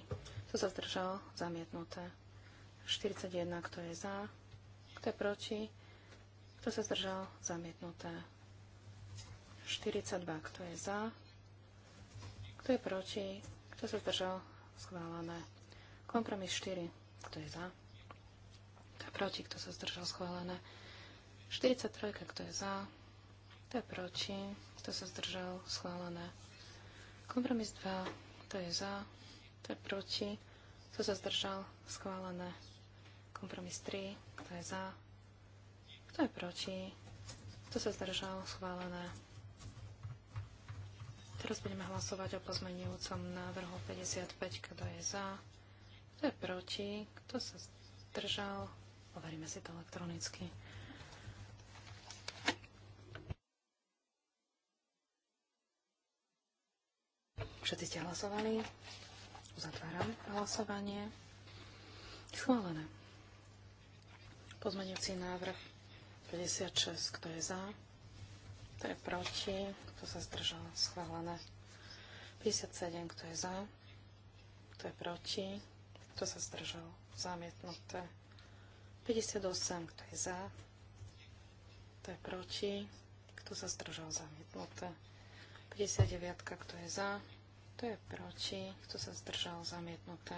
S2: Kto sa zdržal? Zamietnuté. 41. Kto je za? Kto je proti? Kto sa zdržal? Zamietnuté. 42. Kto je za? Kto je proti? Kto sa zdržal? Schválené. Kompromis 4. Kto je za? Kto je proti? Kto sa zdržal? Schválené. 43. Kto je za? Kto je proti? Kto sa zdržal? Schválené. Kompromis 2. Kto je za? kto je proti, kto sa zdržal, schválené. Kompromis 3, kto je za, kto je proti, kto sa zdržal, schválené. Teraz budeme hlasovať o pozmeňujúcom návrhu 55, kto je za, kto je proti, kto sa zdržal, overíme si to elektronicky. Všetci ste hlasovali. Uzatváram hlasovanie. Schválené. Pozmeňujúci návrh 56. Kto je za? Kto je proti? Kto sa zdržal? Schválené. 57. Kto je za? Kto je proti? Kto sa zdržal? Zamietnuté. 58. Kto je za? Kto je proti? Kto sa zdržal? Zamietnuté. 59. Kto je za? Kto je proti? Kto sa zdržal? Zamietnuté.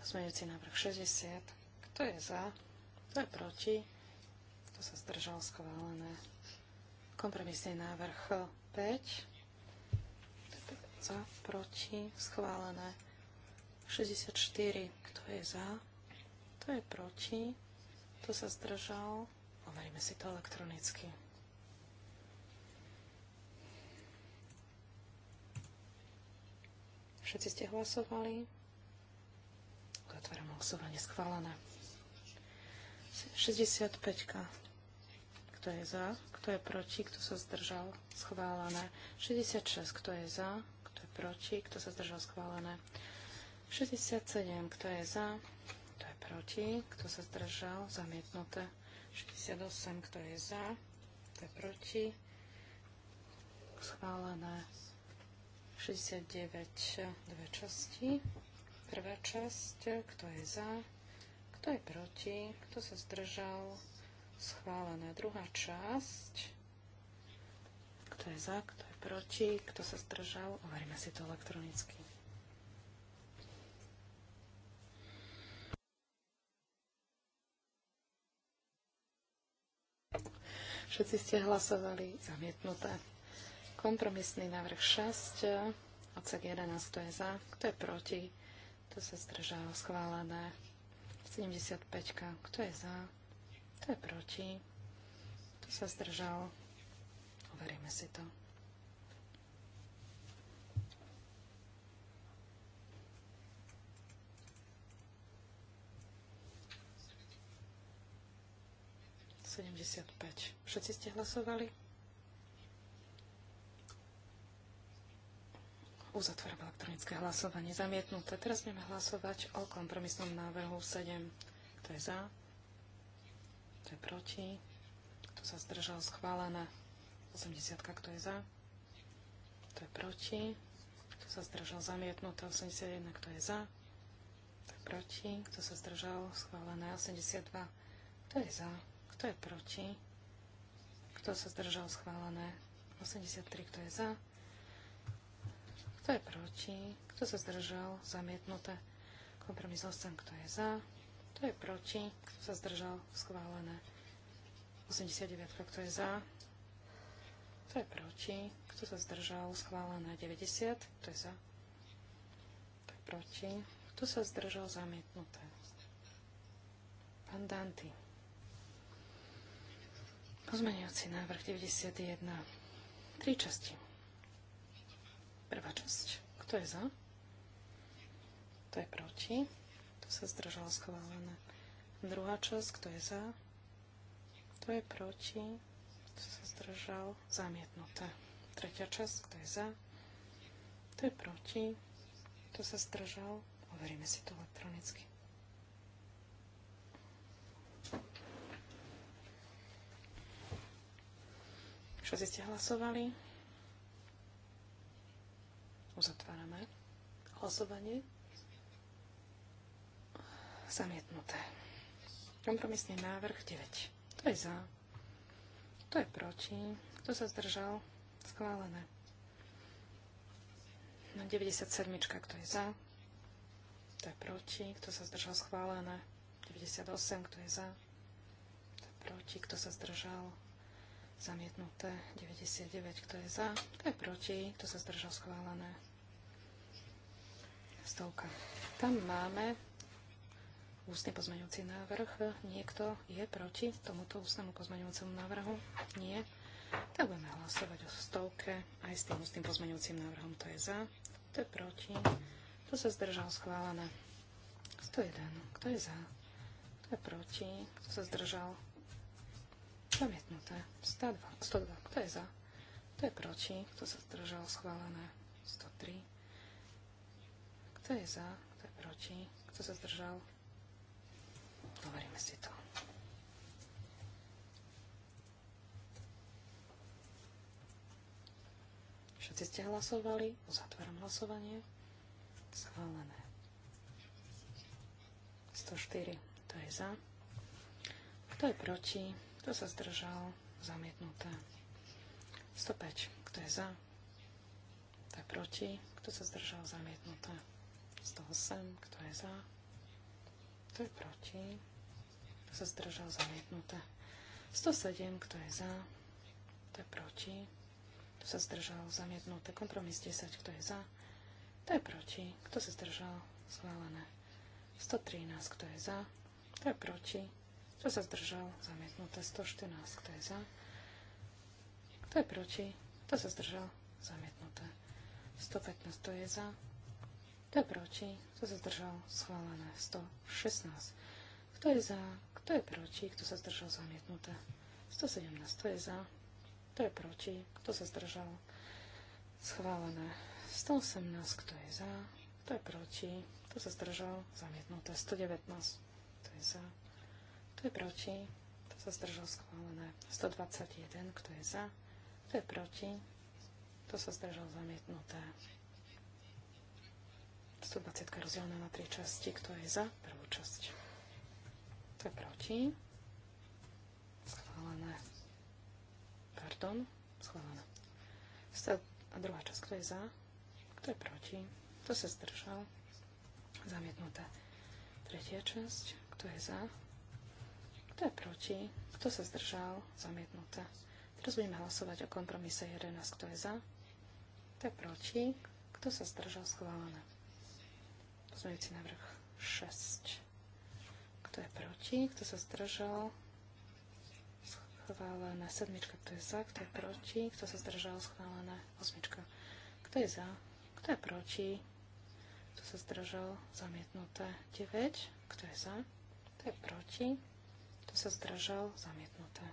S2: Pozmeňujúci návrh 60. Kto je za? Kto je proti? Kto sa zdržal? Schválené. Kompromisný návrh 5. za? Proti? Schválené. 64. Kto je za? Kto je proti? Kto sa zdržal? Overíme si to elektronicky. Všetci ste hlasovali. Otváram hlasovanie schválené. 65. Kto je za? Kto je proti? Kto sa zdržal? Schválené. 66. Kto je za? Kto je proti? Kto sa zdržal? Schválené. 67. Kto je za? Kto je proti? Kto sa zdržal? Zamietnuté. 68. Kto je za? Kto je proti? Schválené. 69, dve časti. Prvá časť, kto je za, kto je proti, kto sa zdržal, schválená. Druhá časť, kto je za, kto je proti, kto sa zdržal, overíme si to elektronicky. Všetci ste hlasovali zamietnuté. Kompromisný návrh 6, odsek 11, to je za, kto je proti, kto sa zdržal, schválené. 75, kto je za, kto je proti, kto sa zdržal, overíme si to. Všetci ste hlasovali? uzatvorím elektronické hlasovanie. Zamietnuté. Teraz budeme hlasovať o kompromisnom návrhu 7. Kto je za. Kto je proti. Kto sa zdržal? Schválené. 80. Kto je za? Kto je proti? Kto sa zdržal? Zamietnuté. 81. Kto je za? Kto je proti? Kto sa zdržal? Schválené. 82. Kto je za? Kto je proti? Kto sa zdržal? Schválené. 83. Kto je za? Kto je proti? Kto sa zdržal? Zamietnuté. Kompromis 8. Kto je za? Kto je proti? Kto sa zdržal? Schválené. 89. Kto je za? Kto je proti? Kto sa zdržal? Schválené. 90. Kto je za? Kto je proti? Kto sa zdržal? Zamietnuté. Pandanty. Danty. Pozmeniaci návrh 91. Tri časti. Prvá časť. Kto je za? Kto je proti? Kto sa zdržal schválené? Druhá časť. Kto je za? Kto je proti? Kto sa zdržal? Zamietnuté. Tretia časť. Kto je za? Kto je proti? Kto sa zdržal? Overíme si to elektronicky. Všetci ste hlasovali? Uzatvárame hlasovanie. Zamietnuté. Kompromisný návrh 9. No, kto je za? Kto je proti? Kto sa zdržal? Schválené. Na 97. Kto je za? Kto je proti? Kto sa zdržal? Schválené. 98. Kto je za? To je proti? Kto sa zdržal? Zamietnuté 99, kto je za, kto je proti, kto sa zdržal schválené. Stovka. Tam máme ústny pozmeňujúci návrh. Niekto je proti tomuto ústnemu pozmeňujúcemu návrhu? Nie. Tak budeme hlasovať o stovke aj s tým ústnym pozmeňujúcim návrhom. To je za, to je proti, to sa zdržal schválené. 101. Kto je za? Kto je proti? Kto sa zdržal? Zamietnuté. 102. 102. Kto je za? Kto je proti? Kto sa zdržal? Schválené. 103. Kto je za? Kto je proti? Kto sa zdržal? Dovaríme si to. Všetci ste hlasovali. Uzatváram hlasovanie. Schválené. 104. Kto je za? Kto je proti? Kto sa zdržal? Zamietnuté. 105. Kto je za? Kto je proti? Kto sa zdržal? Zamietnuté. 108. Kto je za? Kto je proti? Kto sa zdržal? Zamietnuté. 107. Kto je za? Kto je proti? Kto sa zdržal? Zamietnuté. Kompromis 10. Kto je za? Kto je proti? Kto sa zdržal? Schválené. 113. Kto je za? Kto je proti? Kto sa zdržal? Zamietnuté 114. Kto je za? Kto je proti? Kto sa zdržal? Zamietnuté. 115. Kto je za? Kto je proti? Kto sa zdržal? Schválené. 116. Kto je za? Kto je proti? Kto sa zdržal? Zamietnuté. 117. Kto je za? Kto je proti? Kto sa zdržal? Schválené. 118. Kto je za? Kto je proti? Kto sa zdržal? Zamietnuté. 119. Kto je za? Kto je proti? Kto sa zdržal schválené? 121. Kto je za? Kto je proti? Kto sa zdržal zamietnuté? 120 rozdelená na tri časti. Kto je za? Prvú časť. Kto je proti? Schválené. Pardon. Schválené. A druhá časť. Kto je za? Kto je proti? Kto sa zdržal? Zamietnuté. Tretia časť. Kto je za? Kto je proti? Kto sa zdržal? Zamietnuté. Teraz budeme hlasovať o kompromise 11. Kto je za? Kto je proti? Kto sa zdržal? Schválené. Pozmejúci návrh 6. Kto je proti? Kto sa zdržal? Schválené. Sedmička. Kto je za? Kto je proti? Kto sa zdržal? Schválené. Osmička. Kto je za? Kto je proti? Kto sa zdržal? Zamietnuté. 9. Kto je za? Kto je proti? Kto sa zdržal? Zamietnuté.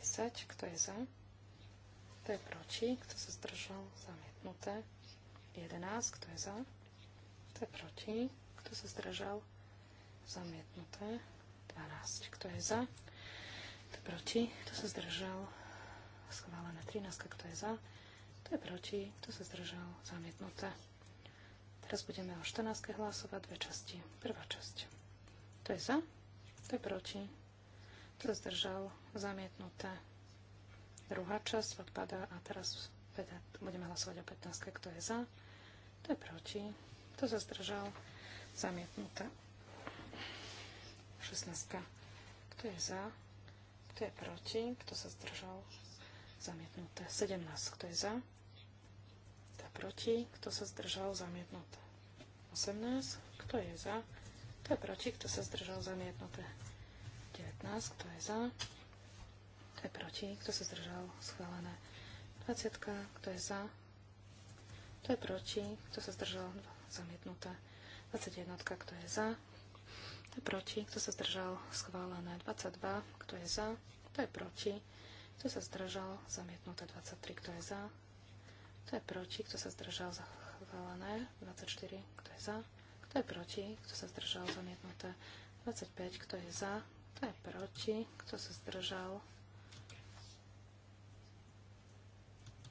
S2: 10. Kto je za? Kto je proti? Kto sa zdržal? Zamietnuté. 11. Kto je za? Kto je proti? Kto sa zdržal? Zamietnuté. 12. Kto je za? Kto je proti? Kto sa zdržal? Schválené. 13. Kto je za? Kto je proti? Kto sa zdržal? Zamietnuté. Teraz budeme o 14. hlasovať dve časti. Prvá časť. Kto je za? Kto je proti? Kto zdržal? Zamietnuté. Druhá časť odpadá a teraz budeme hlasovať o 15. Kto je za? Kto je proti? Kto sa zdržal? Zamietnuté. 16. Kto je za? Kto je proti? Kto sa zdržal? Zamietnuté. 17. Kto je za? Kto je proti? Kto sa zdržal? Zamietnuté. 18. Kto je za? Kto je proti? Kto sa zdržal? Zamietnuté. 19, kto je za, kto je proti, kto sa zdržal, schválené. 20, kto je za, kto je proti, kto sa zdržal, zamietnuté. 21, kto je za, kto je proti, kto sa zdržal, schválené. 22, kto je za, kto je proti, kto sa zdržal, zamietnuté. 23, kto je za, kto je proti, kto sa zdržal, schválené. 24, kto je za, kto je proti, kto sa zdržal, zamietnuté. 25, kto je za, kto je proti? Kto sa zdržal?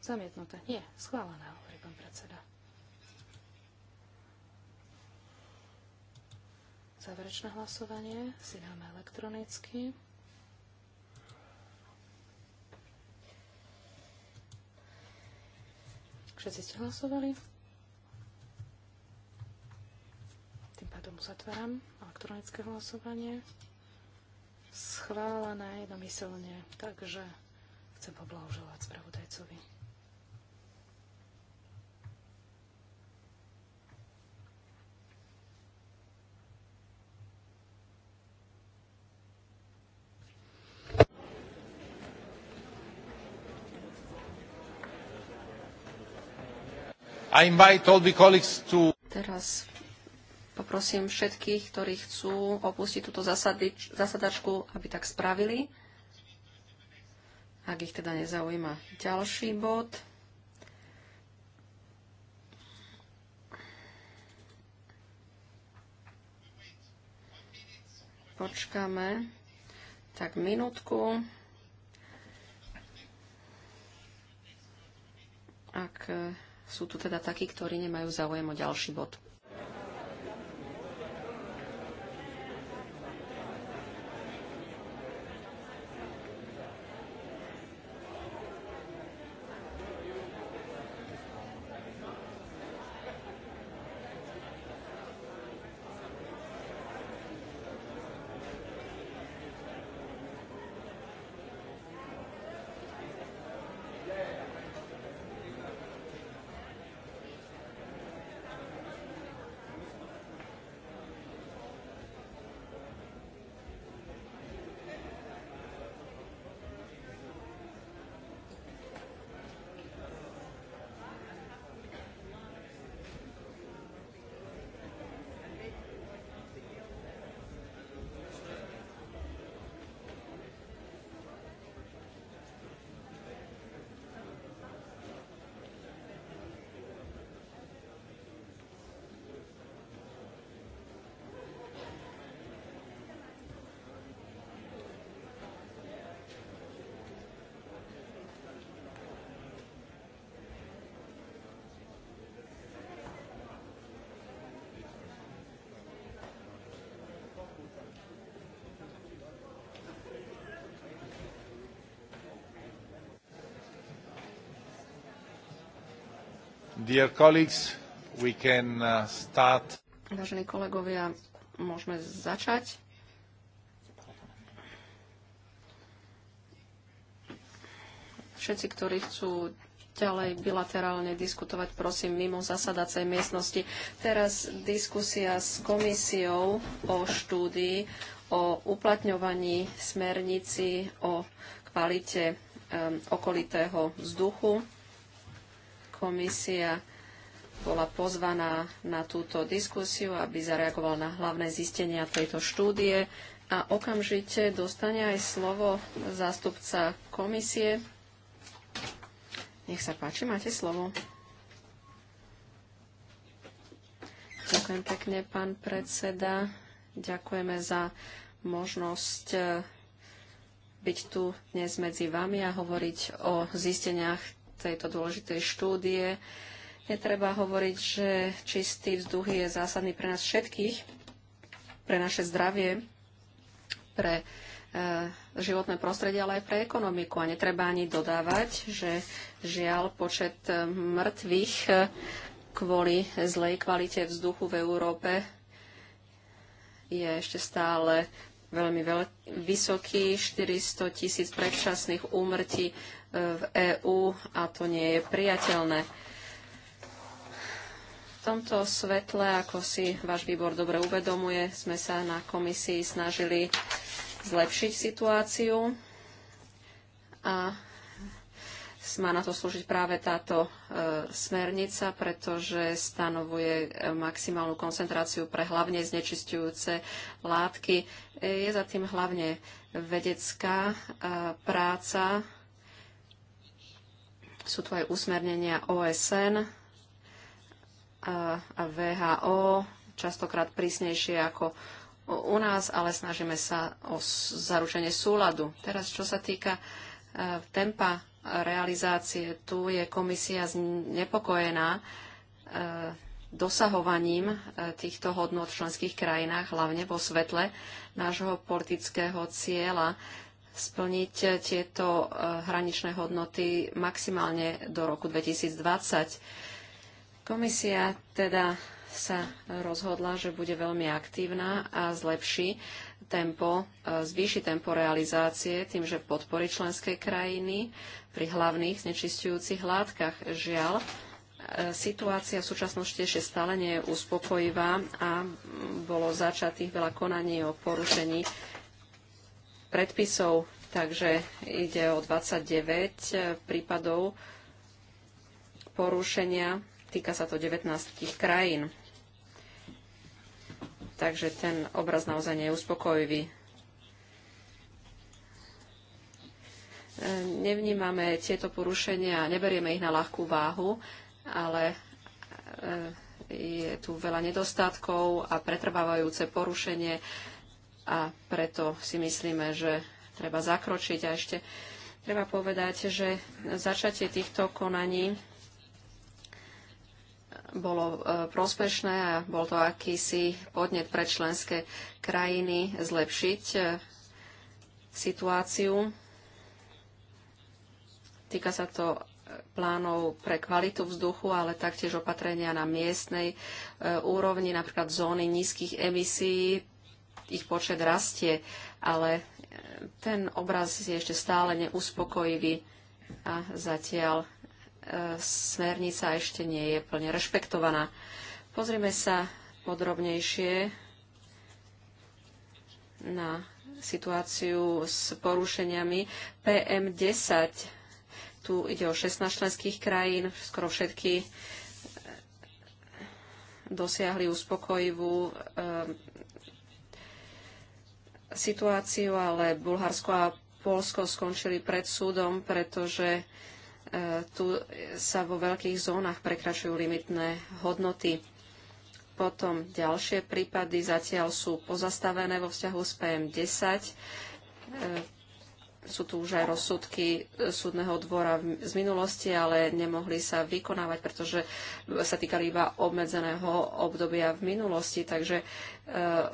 S2: Zamietnuté. Nie, schválené, hovorí pán predseda. Záverečné hlasovanie si dáme elektronicky. Všetci ste hlasovali? Tým pádom uzatváram elektronické hlasovanie schválené jednomyselne, takže chcem poblahoželať spravodajcovi.
S1: I invite all the colleagues to...
S3: Teraz Poprosím všetkých, ktorí chcú opustiť túto zasadič, zasadačku, aby tak spravili. Ak ich teda nezaujíma ďalší bod. Počkáme tak minútku. Ak sú tu teda takí, ktorí nemajú záujem o ďalší bod.
S1: Dear colleagues, we can uh, start.
S3: Vážení kolegovia, môžeme začať. Všetci, ktorí chcú ďalej bilaterálne diskutovať, prosím, mimo zasadacej miestnosti. Teraz diskusia s komisiou o štúdii o uplatňovaní smernici o kvalite um, okolitého vzduchu Komisia bola pozvaná na túto diskusiu, aby zareagovala na hlavné zistenia tejto štúdie a okamžite dostane aj slovo zástupca komisie. Nech sa páči, máte slovo. Ďakujem pekne, pán predseda. Ďakujeme za možnosť eh, byť tu dnes medzi vami a hovoriť o zisteniach tejto dôležitej štúdie. Netreba hovoriť, že čistý vzduch je zásadný pre nás všetkých, pre naše zdravie, pre eh, životné prostredie, ale aj pre ekonomiku. A netreba ani dodávať, že žiaľ počet eh, mŕtvych eh, kvôli zlej kvalite vzduchu v Európe je ešte stále veľmi veľký, vysoký, 400 tisíc predčasných úmrtí v EÚ a to nie je priateľné. V tomto svetle, ako si váš výbor dobre uvedomuje, sme sa na komisii snažili zlepšiť situáciu a má na to slúžiť práve táto e, smernica, pretože stanovuje e, maximálnu koncentráciu pre hlavne znečistujúce látky. E, je za tým hlavne vedecká e, práca sú tu aj usmernenia OSN a VHO, častokrát prísnejšie ako u nás, ale snažíme sa o zaručenie súladu. Teraz, čo sa týka tempa realizácie, tu je komisia znepokojená dosahovaním týchto hodnot v členských krajinách, hlavne vo svetle nášho politického cieľa splniť eh, tieto eh, hraničné hodnoty maximálne do roku 2020. Komisia teda sa rozhodla, že bude veľmi aktívna a zlepší tempo, eh, zvýši tempo realizácie tým, že podporí členské krajiny pri hlavných znečistujúcich látkach. Žiaľ, situácia v súčasnosti ešte stále nie je uspokojivá a mm, bolo začatých veľa konaní o porušení predpisov. Takže ide o 29 eh, prípadov porušenia. Týka sa to 19 krajín. Takže ten obraz naozaj nie je uspokojivý. Eh, nevnímame tieto porušenia, neberieme ich na ľahkú váhu, ale eh, je tu veľa nedostatkov a pretrvávajúce porušenie a preto si myslíme, že treba zakročiť a ešte treba povedať, že začatie týchto konaní bolo e, prospešné a bol to akýsi podnet pre členské krajiny zlepšiť e, situáciu. Týka sa to plánov pre kvalitu vzduchu, ale taktiež opatrenia na miestnej e, úrovni, napríklad zóny nízkych emisí ich počet rastie, ale ten obraz je ešte stále neuspokojivý a zatiaľ e, smernica ešte nie je plne rešpektovaná. Pozrieme sa podrobnejšie na situáciu s porušeniami PM10. Tu ide o 16 členských krajín, skoro všetky e, dosiahli uspokojivú e, situáciu, ale Bulharsko a Polsko skončili pred súdom, pretože e, tu sa vo veľkých zónach prekračujú limitné hodnoty. Potom ďalšie prípady zatiaľ sú pozastavené vo vzťahu s PM10 sú tu už aj rozsudky e, súdneho dvora z minulosti, ale nemohli sa vykonávať, pretože sa týkali iba obmedzeného obdobia v minulosti. Takže e,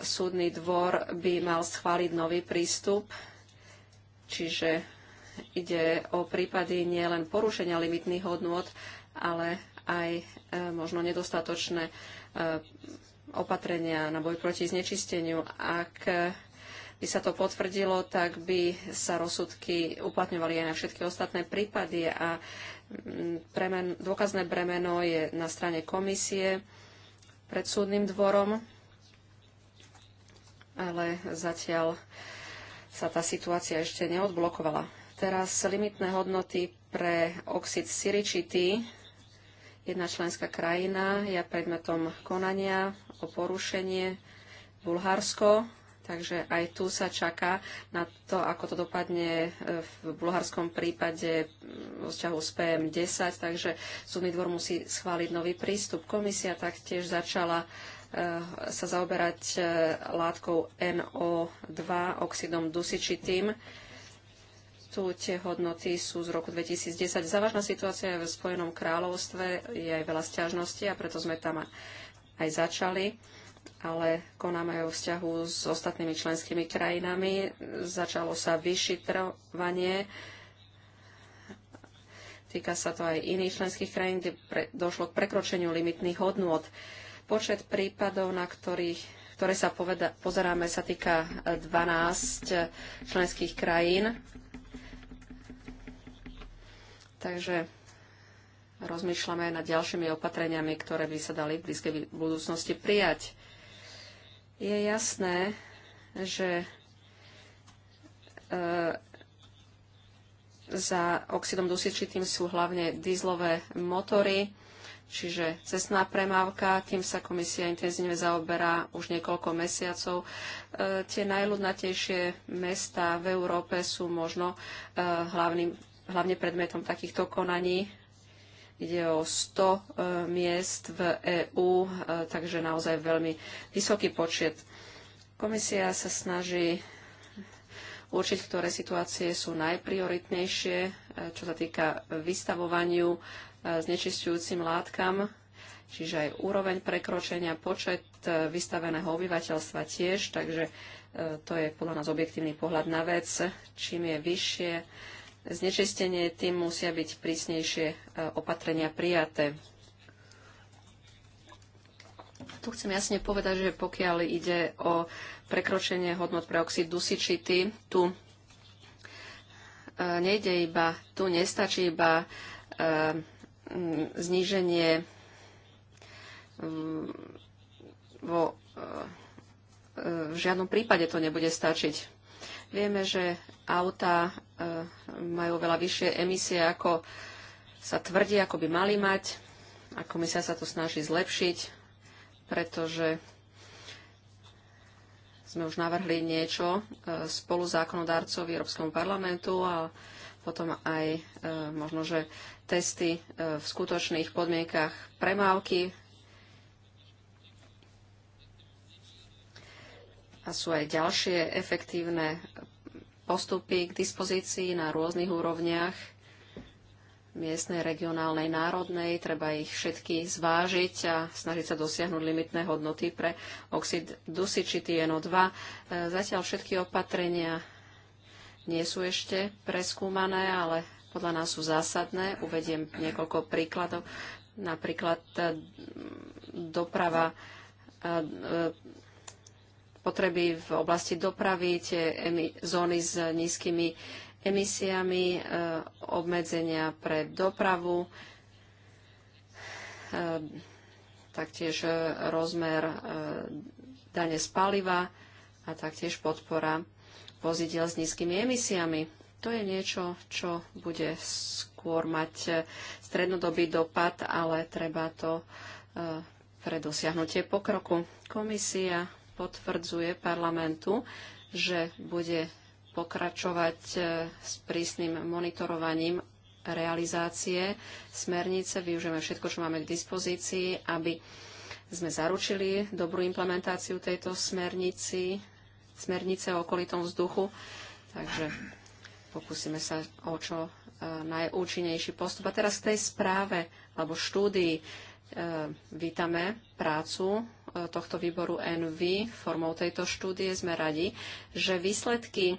S3: súdny dvor by mal schváliť nový prístup, čiže ide o prípady nielen porušenia limitných hodnôt, ale aj e, možno nedostatočné e, opatrenia na boj proti znečisteniu. Ak by sa to potvrdilo, tak by sa rozsudky uplatňovali aj na všetky ostatné prípady a mm, premen, dôkazné bremeno je na strane komisie pred súdnym dvorom, ale zatiaľ sa tá situácia ešte neodblokovala. Teraz limitné hodnoty pre oxid siričitý. Jedna členská krajina je predmetom konania o porušenie Bulharsko Takže aj tu sa čaká na to, ako to dopadne e, v bulharskom prípade vo vzťahu s PM10, takže súdny dvor musí schváliť nový prístup. Komisia taktiež začala e, sa zaoberať e, látkou NO2, oxidom dusičitým. Tu tie hodnoty sú z roku 2010. Závažná situácia je v Spojenom kráľovstve, je aj veľa stiažností a preto sme tam aj začali ale konáme aj o vzťahu s ostatnými členskými krajinami. Začalo sa vyšetrovanie. Týka sa to aj iných členských krajín, kde pre, došlo k prekročeniu limitných hodnôt. Počet prípadov, na ktorých ktoré sa poveda- pozeráme, sa týka 12 e, e, členských krajín. Takže rozmýšľame aj nad ďalšími opatreniami, ktoré by sa dali v blízkej budúcnosti prijať. Je jasné, že e, za oxidom dusičitým sú hlavne dízlové motory, čiže cestná premávka, tým sa komisia intenzívne zaoberá už niekoľko mesiacov. E, tie najľudnatejšie mesta v Európe sú možno e, hlavným, hlavne predmetom takýchto konaní Ide o 100 e, miest v EÚ, e, takže naozaj veľmi vysoký počet. Komisia sa snaží určiť, ktoré situácie sú najprioritnejšie, e, čo sa týka vystavovaniu znečistujúcim látkam, čiže aj úroveň prekročenia, počet vystaveného obyvateľstva tiež, takže to je podľa nás objektívny pohľad na vec. Čím je vyššie, znečistenie, tým musia byť prísnejšie e, opatrenia prijaté. Tu chcem jasne povedať, že pokiaľ ide o prekročenie hodnot pre oxid dusičity, tu e, nejde iba, tu nestačí iba e, zníženie vo v žiadnom prípade to nebude stačiť. Vieme, že auta e, majú veľa vyššie emisie, ako sa tvrdí, ako by mali mať. A komisia sa to snaží zlepšiť, pretože sme už navrhli niečo e, spolu zákonodárcovi Európskemu parlamentu a potom aj e, možno, že testy v skutočných podmienkach premávky a sú aj ďalšie efektívne postupy k dispozícii na rôznych úrovniach miestnej, regionálnej, národnej. Treba ich všetky zvážiť a snažiť sa dosiahnuť limitné hodnoty pre oxid dusičitý NO2. E, zatiaľ všetky opatrenia nie sú ešte preskúmané, ale podľa nás sú zásadné. Uvediem niekoľko príkladov. Napríklad e, doprava e, potreby v oblasti dopravy, tie zóny s nízkymi emisiami, e, obmedzenia pre dopravu, e, taktiež e, rozmer dane z paliva a taktiež podpora vozidel s nízkymi emisiami. To je niečo, čo bude skôr mať strednodobý dopad, ale treba to pre dosiahnutie pokroku. Komisia potvrdzuje parlamentu, že bude pokračovať e, s prísnym monitorovaním realizácie smernice. Využijeme všetko, čo máme k dispozícii, aby sme zaručili dobrú implementáciu tejto smernici, smernice o okolitom vzduchu. Takže pokúsime sa o čo e, najúčinnejší postup. A teraz k tej správe alebo štúdii e, vítame prácu E, tohto výboru NV formou tejto štúdie sme radi, že výsledky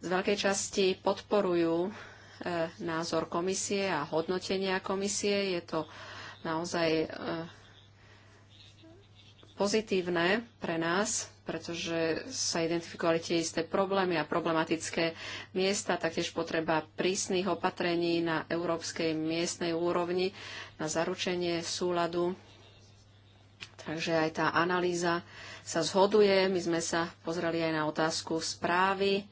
S3: z veľkej časti podporujú e, názor komisie a hodnotenia komisie. Je to naozaj e, pozitívne pre nás, pretože sa identifikovali tie isté problémy a problematické miesta, taktiež potreba prísnych opatrení na európskej miestnej úrovni na zaručenie súladu Takže aj tá analýza sa zhoduje. My sme sa pozreli aj na otázku správy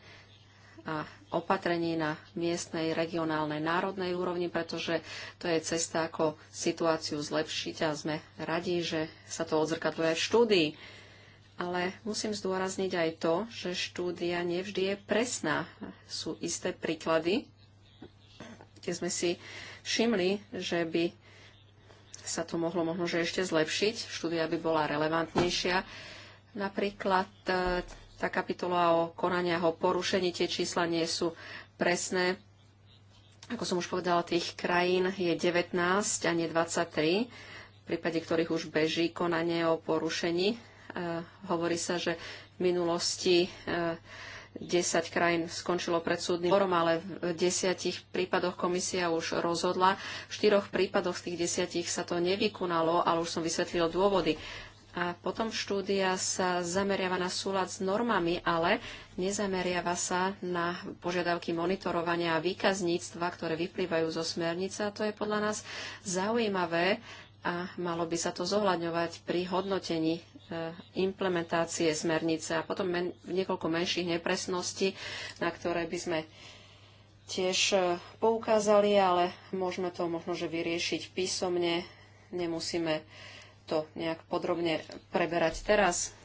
S3: a opatrení na miestnej, regionálnej, národnej úrovni, pretože to je cesta, ako situáciu zlepšiť a sme radi, že sa to odzrkadluje v štúdii. Ale musím zdôrazniť aj to, že štúdia nevždy je presná. Sú isté príklady, kde sme si všimli, že by sa to mohlo možno že ešte zlepšiť, štúdia by bola relevantnejšia. Napríklad e, tá kapitola o konaniach o porušení, tie čísla nie sú presné. Ako som už povedala, tých krajín je 19 a nie 23, v prípade ktorých už beží konanie o porušení. E, hovorí sa, že v minulosti e, 10 krajín skončilo pred súdnym dvorom, ale v desiatich prípadoch komisia už rozhodla. V štyroch prípadoch z tých desiatich sa to nevykonalo, ale už som vysvetlil dôvody. A potom štúdia sa zameriava na súlad s normami, ale nezameriava sa na požiadavky monitorovania a výkazníctva, ktoré vyplývajú zo smernice. A to je podľa nás zaujímavé, a malo by sa to zohľadňovať pri hodnotení e, implementácie smernice a potom men- niekoľko menších nepresností, na ktoré by sme tiež e, poukázali, ale môžeme to možno, že vyriešiť písomne. Nemusíme to nejak podrobne preberať teraz.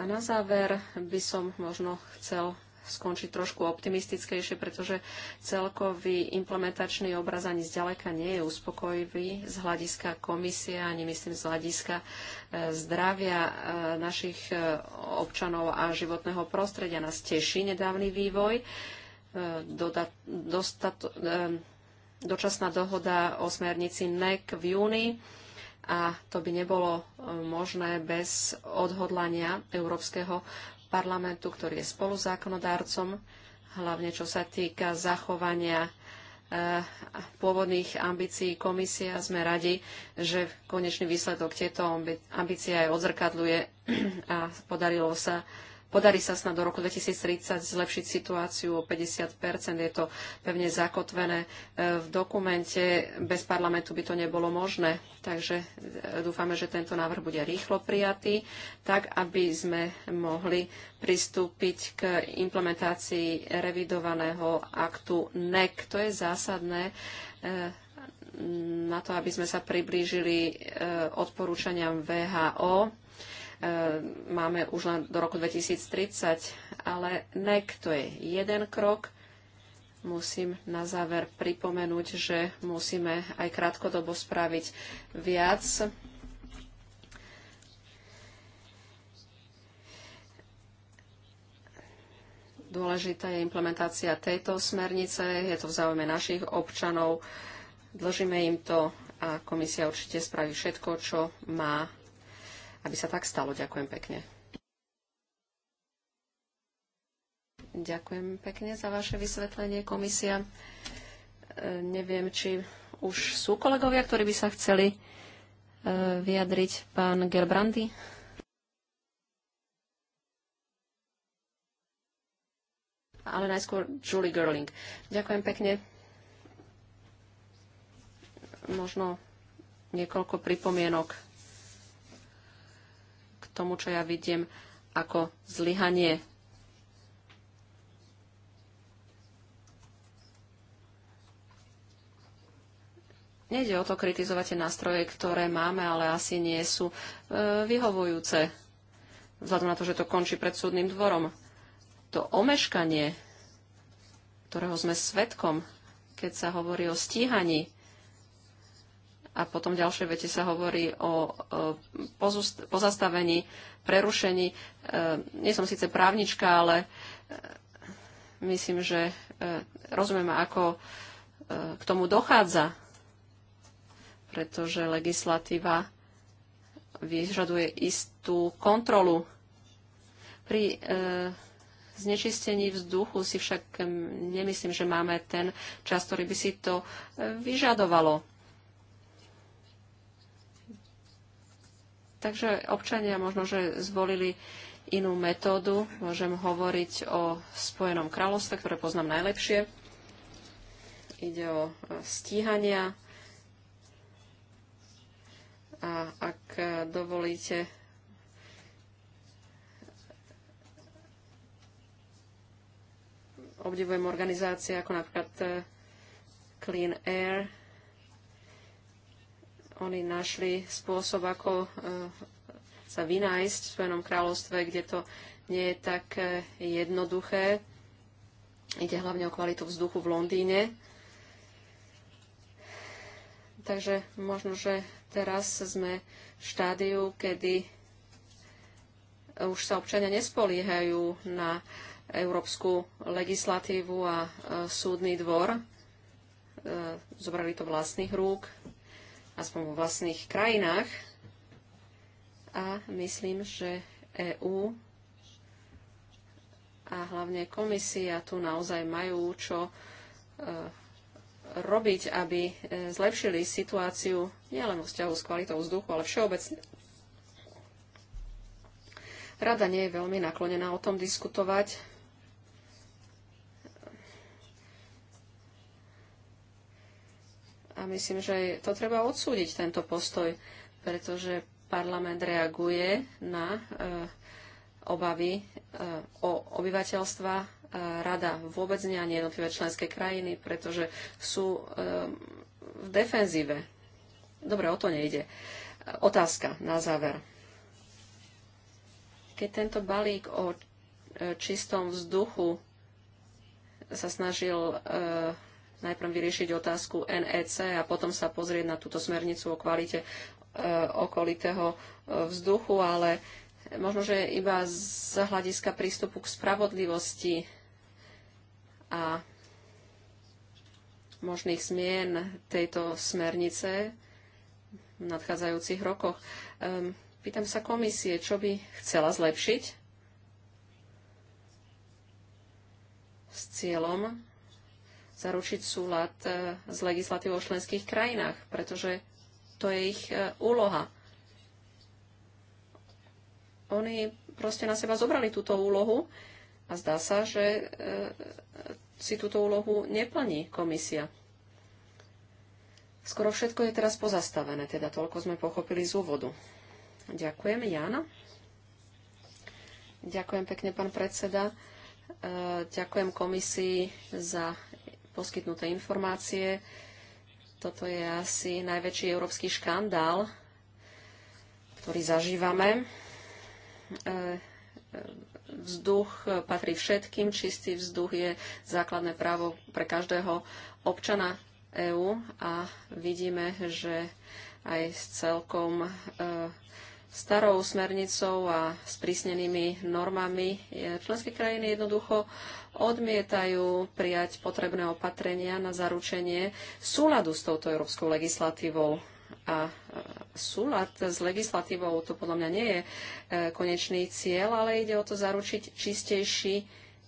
S3: A na záver by som možno chcel skončiť trošku optimistickejšie, pretože celkový implementačný obraz ani zďaleka nie je uspokojivý z hľadiska komisie, ani myslím z hľadiska e, zdravia e, našich e, občanov a životného prostredia. Nás teší nedávny vývoj. Doda, dočasná dohoda o smernici NEC v júni a to by nebolo možné bez odhodlania Európskeho parlamentu, ktorý je spoluzákonodárcom, hlavne čo sa týka zachovania eh, pôvodných ambícií komisie a sme radi, že konečný výsledok tieto ambície aj odzrkadluje a podarilo sa Podarí sa snad do roku 2030 zlepšiť situáciu o 50 Je to pevne zakotvené e, v dokumente. Bez parlamentu by to nebolo možné. Takže e, dúfame, že tento návrh bude rýchlo prijatý, tak aby sme mohli pristúpiť k implementácii revidovaného aktu NEC. To je zásadné e, na to, aby sme sa priblížili odporúčaniam VHO E, máme už len do roku 2030, ale NEC to je jeden krok. Musím na záver pripomenúť, že musíme aj krátkodobo spraviť viac. Dôležitá je implementácia tejto smernice, je to v záujme našich občanov, dlžíme im to a komisia určite spraví všetko, čo má aby sa tak stalo. Ďakujem pekne. Ďakujem pekne za vaše vysvetlenie, komisia. E, neviem, či už sú kolegovia, ktorí by sa chceli e, vyjadriť. Pán Gerbrandy. Ale najskôr Julie Gerling. Ďakujem pekne. Možno niekoľko pripomienok tomu, čo ja vidím ako zlyhanie. Nejde o to kritizovať tie nástroje, ktoré máme, ale asi nie sú e, vyhovujúce. Vzhľadom na to, že to končí pred súdnym dvorom. To omeškanie, ktorého sme svetkom, keď sa hovorí o stíhaní, a potom v ďalšej vete sa hovorí o pozastavení, prerušení. E, nie som síce právnička, ale e, myslím, že e, rozumiem, ako k tomu dochádza, pretože legislatíva vyžaduje istú kontrolu. Pri znečistení vzduchu si však mm, nemyslím, že máme ten čas, ktorý by si to vyžadovalo. Takže občania možno, že zvolili inú metódu. Môžem hovoriť o Spojenom kráľovstve, ktoré poznám najlepšie. Ide o e, stíhania. A ak e, dovolíte, obdivujem organizácie ako napríklad e, Clean Air, oni našli spôsob, ako eh, sa vynájsť v svojom kráľovstve, kde to nie je tak eh, jednoduché. Ide hlavne o kvalitu vzduchu v Londýne. Takže možno, že teraz sme v štádiu, kedy už sa občania nespoliehajú na európsku legislatívu a eh, súdny dvor. Zobrali to vlastných rúk aspoň vo vlastných krajinách. A myslím, že EÚ a hlavne komisia tu naozaj majú čo e, robiť, aby e, zlepšili situáciu nielen vo vzťahu s kvalitou vzduchu, ale všeobecne. Rada nie je veľmi naklonená o tom diskutovať, A myslím, že to treba odsúdiť, tento postoj, pretože parlament reaguje na e, obavy e, o obyvateľstva e, rada, vôbec nie ani jednotlivé členské krajiny, pretože sú v defenzíve. Dobre, o to nejde. Otázka na záver. Keď tento balík o čistom vzduchu sa snažil najprv vyriešiť otázku NEC a potom sa pozrieť na túto smernicu o kvalite e, okolitého e, vzduchu, ale možno, že iba z hľadiska prístupu k spravodlivosti a možných zmien tejto smernice v nadchádzajúcich rokoch. Ehm, pýtam sa komisie, čo by chcela zlepšiť s cieľom zaručiť súlad e, s legislatívou v členských krajinách, pretože to je ich e, úloha. Oni proste na seba zobrali túto úlohu a zdá sa, že e, si túto úlohu neplní komisia. Skoro všetko je teraz pozastavené, teda toľko sme pochopili z úvodu. Ďakujem, Jana. Ďakujem pekne, pán predseda. Ďakujem komisii za poskytnuté informácie. Toto je asi najväčší európsky škandál, ktorý zažívame. E, e, vzduch patrí všetkým, čistý vzduch je základné právo pre každého občana EÚ a vidíme, že aj s celkom e, starou smernicou a sprísnenými normami. Členské krajiny jednoducho odmietajú prijať potrebné opatrenia na zaručenie súladu s touto európskou legislatívou. A e, súlad s legislatívou to podľa mňa nie je e, konečný cieľ, ale ide o to zaručiť čistejší,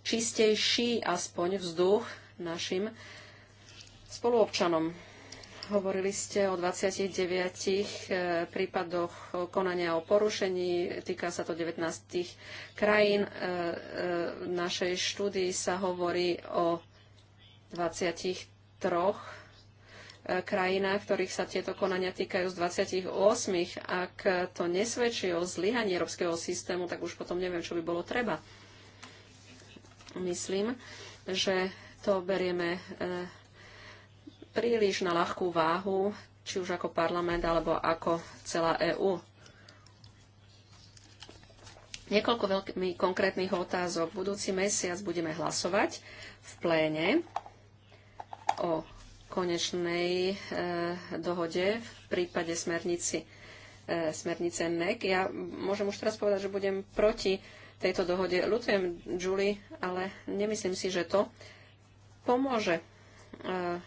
S3: čistejší aspoň vzduch našim spoluobčanom. Hovorili ste o 29 e, prípadoch konania o porušení. Týka sa to 19 krajín. E, e, v našej štúdii sa hovorí o 23 krajinách, ktorých sa tieto konania týkajú z 28. Ak to nesvedčí o zlyhaní európskeho systému, tak už potom neviem, čo by bolo treba. Myslím, že to berieme príliš na ľahkú váhu, či už ako parlament alebo ako celá EÚ. Niekoľko veľmi konkrétnych otázok. Budúci mesiac budeme hlasovať v pléne o konečnej e, dohode v prípade smernici, eh, e, smernice NEC. Ja môžem už teraz povedať, že budem proti tejto dohode. Ľutujem Julie, ale nemyslím si, že to pomôže. E,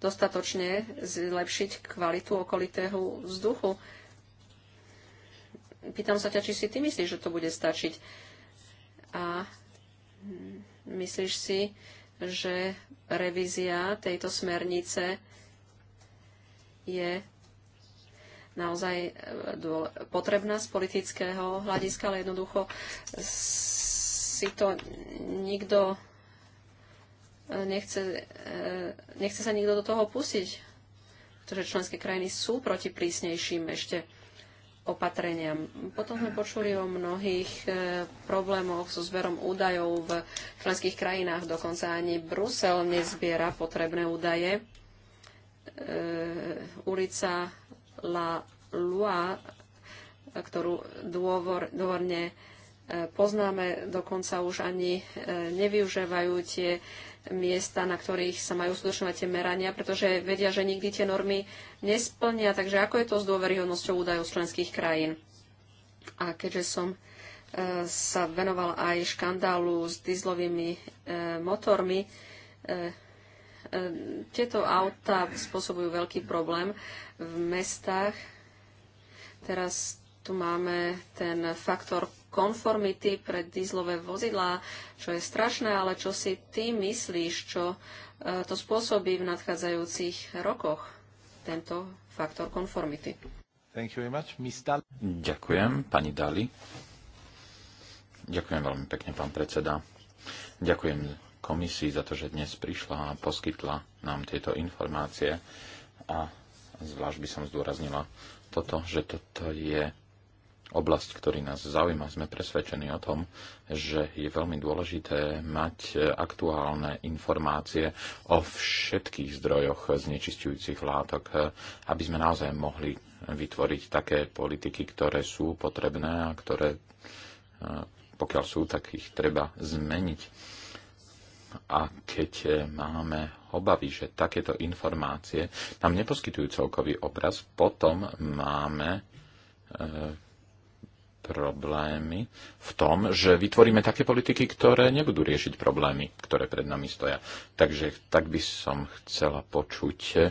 S3: dostatočne zlepšiť kvalitu okolitého vzduchu. Pýtam sa ťa, či si ty myslíš, že to bude stačiť. A myslíš si, že revízia tejto smernice je naozaj e, potrebná z politického hľadiska, ale jednoducho si to nikto nechce, eh, nechce sa nikto do toho pustiť, pretože členské krajiny sú proti prísnejším ešte opatreniam. Potom sme počuli o mnohých eh, problémoch so zberom údajov v členských krajinách. Dokonca ani Brusel nezbiera potrebné údaje. Eh, ulica La Lua, ktorú dôvor, dôvorne poznáme, dokonca už ani nevyužívajú tie miesta, na ktorých sa majú uskutočňovať tie merania, pretože vedia, že nikdy tie normy nesplnia. Takže ako je to s dôveryhodnosťou údajov z členských krajín? A keďže som e, sa venoval aj škandálu s dizlovými e, motormi, e, tieto auta spôsobujú veľký problém v mestách. Teraz tu máme ten faktor konformity pre dízlové vozidlá, čo je strašné, ale čo si ty myslíš, čo e, to spôsobí v nadchádzajúcich rokoch, tento faktor konformity.
S1: Ďakujem, pani Dali. Ďakujem veľmi pekne, pán predseda. Ďakujem komisii za to, že dnes prišla a poskytla nám tieto informácie a zvlášť by som zdôraznila toto, že toto je oblasť, ktorý nás zaujíma. Sme presvedčení o tom, že je veľmi dôležité mať e, aktuálne informácie o všetkých zdrojoch znečistujúcich látok, e, aby sme naozaj mohli vytvoriť také politiky, ktoré sú potrebné a ktoré, e, pokiaľ sú, tak ich treba zmeniť. A keď máme obavy, že takéto informácie nám neposkytujú celkový obraz, potom máme problémy v tom, že vytvoríme také politiky, ktoré nebudú riešiť problémy, ktoré pred nami stoja. Takže tak by som chcela počuť, eh,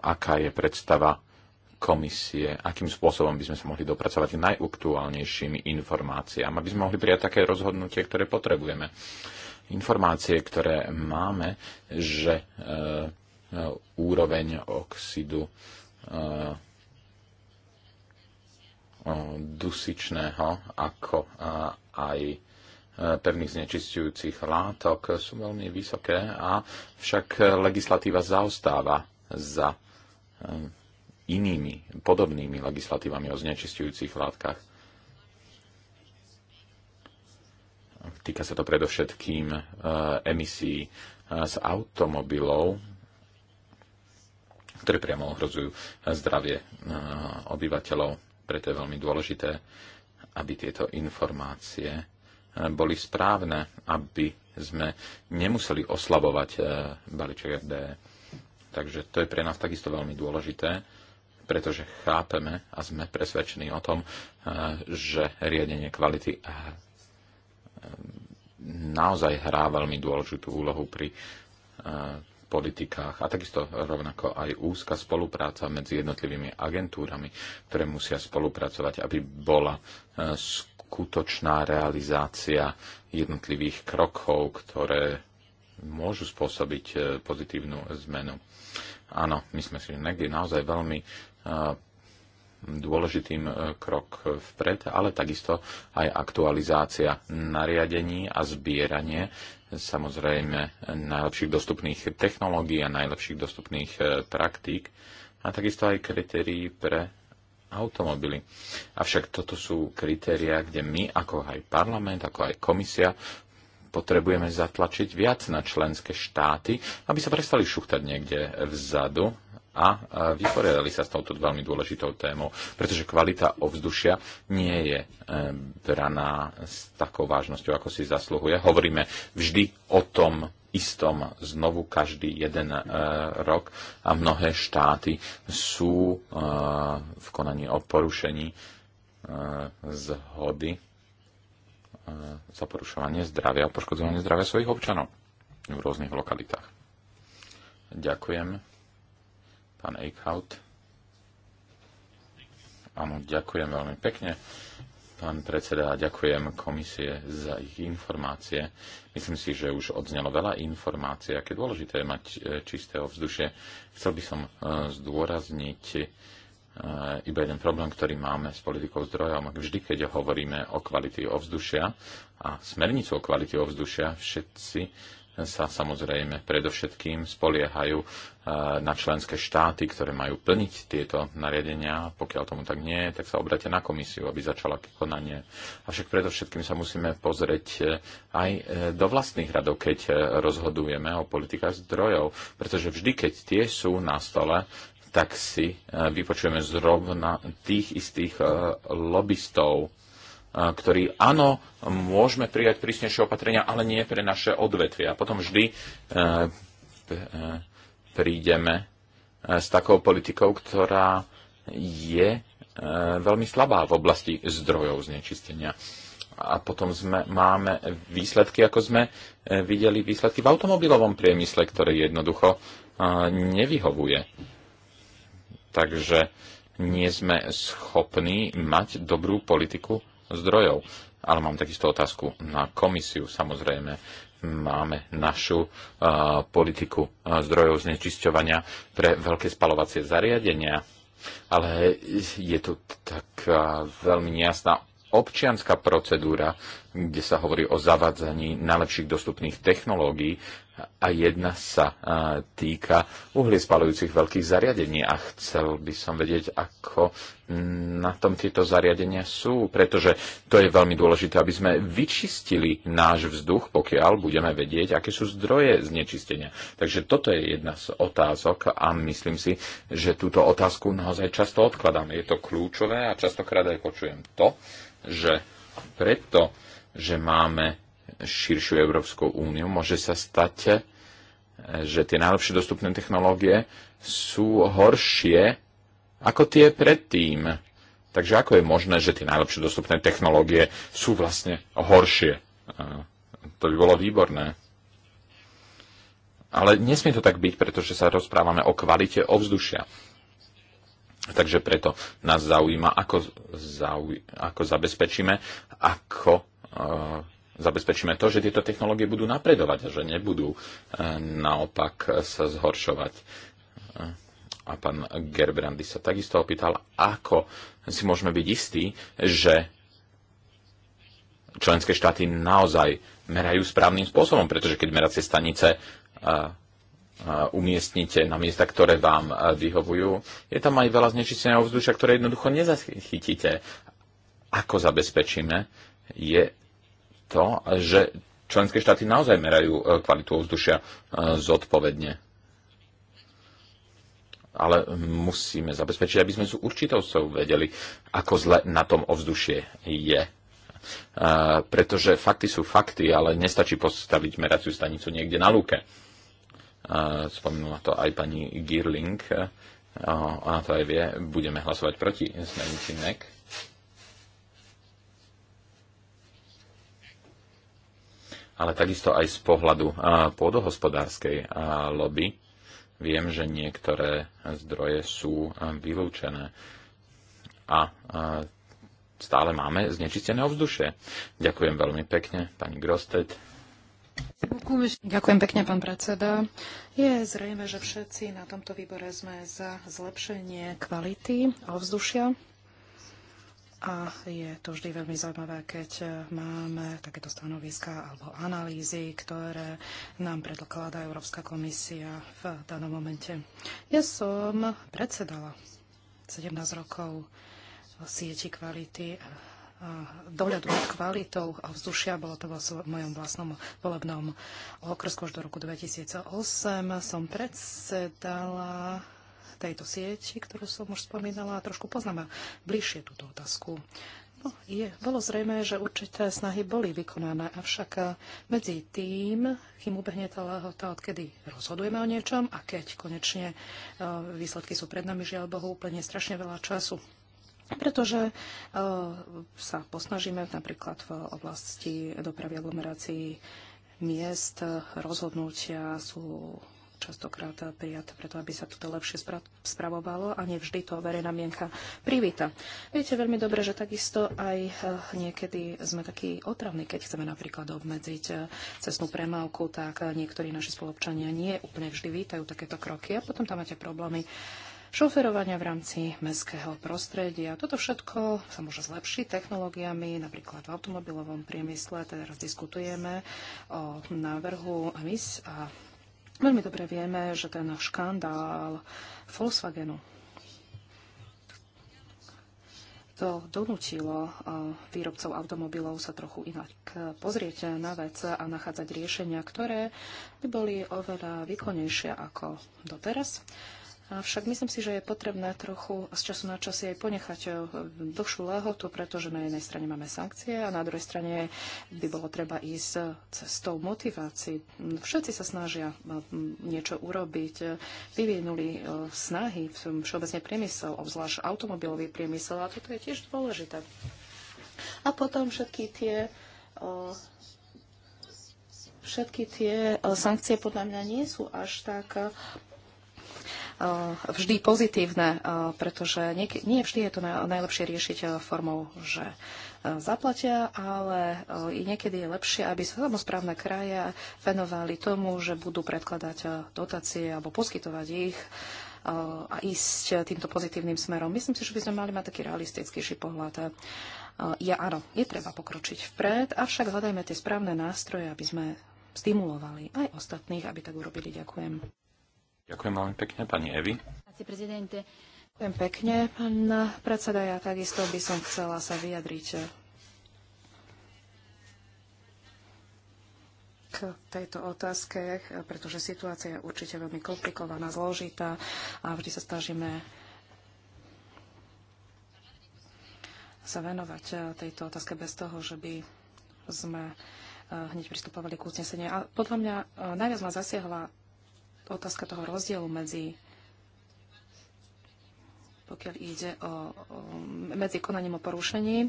S1: aká je predstava komisie, akým spôsobom by sme sa mohli dopracovať k najaktuálnejším informáciám, aby sme mohli prijať také rozhodnutie, ktoré potrebujeme. Informácie, ktoré máme, že e, úroveň oxidu e, dusičného, ako aj e, pevných znečistujúcich látok sú veľmi vysoké a však legislatíva zaostáva za e, inými podobnými legislatívami o znečistujúcich látkach. Týka sa to predovšetkým e, emisí z automobilov, ktoré priamo ohrozujú zdravie obyvateľov preto je veľmi dôležité, aby tieto informácie eh, boli správne, aby sme nemuseli oslabovať eh, balíček FDE. Takže to je pre nás takisto veľmi dôležité, pretože chápeme a sme presvedčení o tom, eh, že riadenie kvality naozaj hrá veľmi dôležitú úlohu pri politikách a takisto rovnako aj úzka spolupráca medzi jednotlivými agentúrami, ktoré musia spolupracovať, aby bola e, skutočná realizácia jednotlivých krokov, ktoré môžu spôsobiť e, pozitívnu zmenu. Áno, my sme si niekde e naozaj veľmi dôležitým krok vpred, ale takisto aj aktualizácia nariadení a zbieranie samozrejme najlepších dostupných technológií a najlepších dostupných e, praktík a takisto aj kritérií pre automobily. Avšak toto sú kritériá, kde my, ako aj parlament, ako aj komisia, potrebujeme zatlačiť viac na členské štáty, aby sa prestali šuchtať niekde vzadu a vyporiadali sa s touto veľmi dôležitou témou, pretože kvalita ovzdušia nie je e, braná s takou vážnosťou, ako si zasluhuje. Hovoríme vždy o tom istom znovu každý jeden e, rok a mnohé štáty sú e, v konaní o porušení zhody za porušovanie zdravia a poškodzovanie zdravia svojich občanov v rôznych lokalitách. Ďakujem Pán Eichhout. Áno, ďakujem veľmi pekne. Pán predseda, ďakujem komisie za ich informácie. Myslím si, že už odznelo veľa informácií, aké dôležité je mať e, čisté ovzdušie. Chcel by som e, zdôrazniť e, iba jeden problém, ktorý máme s politikou zdrojov. Vždy, keď hovoríme o kvalite ovzdušia a smernicu o kvalite ovzdušia, všetci sa samozrejme predovšetkým spoliehajú eh, na členské štáty, ktoré majú plniť tieto nariadenia. Pokiaľ tomu tak nie je, tak sa obrate na komisiu, aby začala konanie. Avšak predovšetkým sa musíme pozrieť eh, aj eh, do vlastných radov, keď rozhodujeme o politikách zdrojov. Pretože vždy, keď tie sú na stole, tak si vypočujeme zrovna tých istých lobbystov, ktorý áno, môžeme prijať prísnejšie opatrenia, ale nie pre naše odvetvie. A Potom vždy e, e, prídeme e, s takou politikou, ktorá je veľmi slabá v oblasti zdrojov znečistenia. A potom sme, máme výsledky, ako sme videli výsledky v automobilovom priemysle, ktoré jednoducho nevyhovuje. Takže nie sme schopní mať dobrú politiku zdrojov. Ale mám takisto otázku na komisiu, samozrejme. Máme našu uh, politiku uh, zdrojov znečisťovania pre veľké spalovacie zariadenia, ale je tu taká uh, veľmi nejasná občianská procedúra, kde sa hovorí o zavádzaní najlepších dostupných technológií a jedna sa týka uhlie spalujúcich veľkých zariadení a chcel by som vedieť, ako na tom tieto zariadenia sú, pretože to je veľmi dôležité, aby sme vyčistili náš vzduch, pokiaľ budeme vedieť, aké sú zdroje znečistenia. Takže toto je jedna z otázok a myslím si, že túto otázku naozaj často odkladáme. Je to kľúčové a častokrát aj počujem to, že preto, že máme širšiu Európsku úniu, môže sa stať, eh, že tie najlepšie dostupné technológie sú horšie ako tie predtým. Takže ako je možné, že tie najlepšie dostupné technológie sú vlastne horšie? Eh, to by bolo výborné. Ale nesmie to tak byť, pretože sa rozprávame o kvalite ovzdušia. Takže preto nás zaujíma, ako, zauj- ako zabezpečíme, ako e, zabezpečíme to, že tieto technológie budú napredovať a že nebudú e, naopak sa zhoršovať. Eh, a pán Gerbrandy sa takisto opýtal, ako si môžeme byť istí, že členské štáty naozaj merajú správnym spôsobom, pretože keď meracie stanice e, umiestnite na miesta, ktoré vám e, vyhovujú. Je tam aj veľa znečisteného vzdušia, ktoré jednoducho nezachytíte. Ako zabezpečíme, je to, že členské štáty naozaj merajú e, kvalitu ovzdušia e, zodpovedne. Ale musíme zabezpečiť, aby sme s určitou vedeli, ako zle na tom ovzdušie je pretože fakty sú fakty, ale nestačí postaviť meraciu stanicu niekde na lúke spomenula to aj pani Girling, ona to aj vie, budeme hlasovať proti zmenici NEC. Ale takisto aj z pohľadu pôdohospodárskej lobby viem, že niektoré zdroje sú vylúčené a stále máme znečistené ovzdušie. Ďakujem veľmi pekne, pani Grostet.
S2: Ďakujem pekne, pán predseda. Je zrejme, že všetci na tomto výbore sme za zlepšenie kvality ovzdušia. A je to vždy veľmi zaujímavé, keď máme takéto stanoviska alebo analýzy, ktoré nám predkladá Európska komisia v danom momente. Ja som predsedala 17 rokov sieti kvality dohľadu nad kvalitou vzdušia. Bolo to vo mojom vlastnom volebnom okrsku až do roku 2008. Som predsedala tejto sieti, ktorú som už spomínala a trošku poznám bližšie túto otázku. No, je, bolo zrejme, že určité snahy boli vykonané, avšak eh, medzi tým, kým ubehne tá lehota, odkedy rozhodujeme o niečom a keď konečne eh, výsledky sú pred nami, žiaľ Bohu, úplne strašne veľa času pretože e, sa posnažíme napríklad v oblasti dopravy aglomerácií miest rozhodnutia sú častokrát prijaté preto, aby sa toto lepšie spra- spravovalo a nevždy to verejná mienka privíta. Viete veľmi dobre, že takisto aj e, niekedy sme takí otravní, keď chceme napríklad obmedziť e, cestnú premávku, tak niektorí naši spolupčania nie úplne vždy vítajú takéto kroky a potom tam máte problémy šoferovania v rámci mestského prostredia. Toto všetko sa môže zlepšiť technológiami, napríklad v automobilovom priemysle. Teraz diskutujeme o návrhu MIS a veľmi dobre vieme, že ten škandál Volkswagenu to donútilo výrobcov automobilov sa trochu inak pozrieť na vec a nachádzať riešenia, ktoré by boli oveľa výkonnejšie ako doteraz. Avšak myslím si, že je potrebné trochu z času na čas aj ponechať eh, dlhšiu lehotu, pretože na jednej strane máme sankcie a na druhej strane by bolo treba ísť s eh, cestou motivácií. Všetci sa snažia eh, niečo urobiť, vyvinuli snahy, všeobecne priemysel, obzvlášť automobilový priemysel a toto je tiež dôležité. A potom všetky tie všetky tie sankcie podľa mňa nie sú až tak Eh, vždy pozitívne, eh, pretože nie vždy je to najlepšie riešiť eh, formou, že zaplatia, ale niekedy je lepšie, aby sa samozprávne kraje venovali tomu, že budú predkladať dotácie alebo poskytovať ich a ísť týmto pozitívnym smerom. Myslím si, že by sme mali mať taký realistickejší pohľad. Ja áno, je treba pokročiť vpred, avšak hľadajme tie správne nástroje, aby sme stimulovali aj ostatných, aby tak urobili. Ďakujem.
S1: Ďakujem veľmi pekne, pani Evi.
S2: Ďakujem pekne, pán predseda. Ja takisto by som chcela sa vyjadriť k tejto otázke, pretože situácia je určite veľmi komplikovaná, zložitá a vždy sa snažíme sa venovať tejto otázke bez toho, že by sme hneď pristupovali k uzneseniu. A podľa mňa najviac ma zasiahla otázka toho rozdielu medzi pokiaľ ide o, o medzi konaním o porušení, e,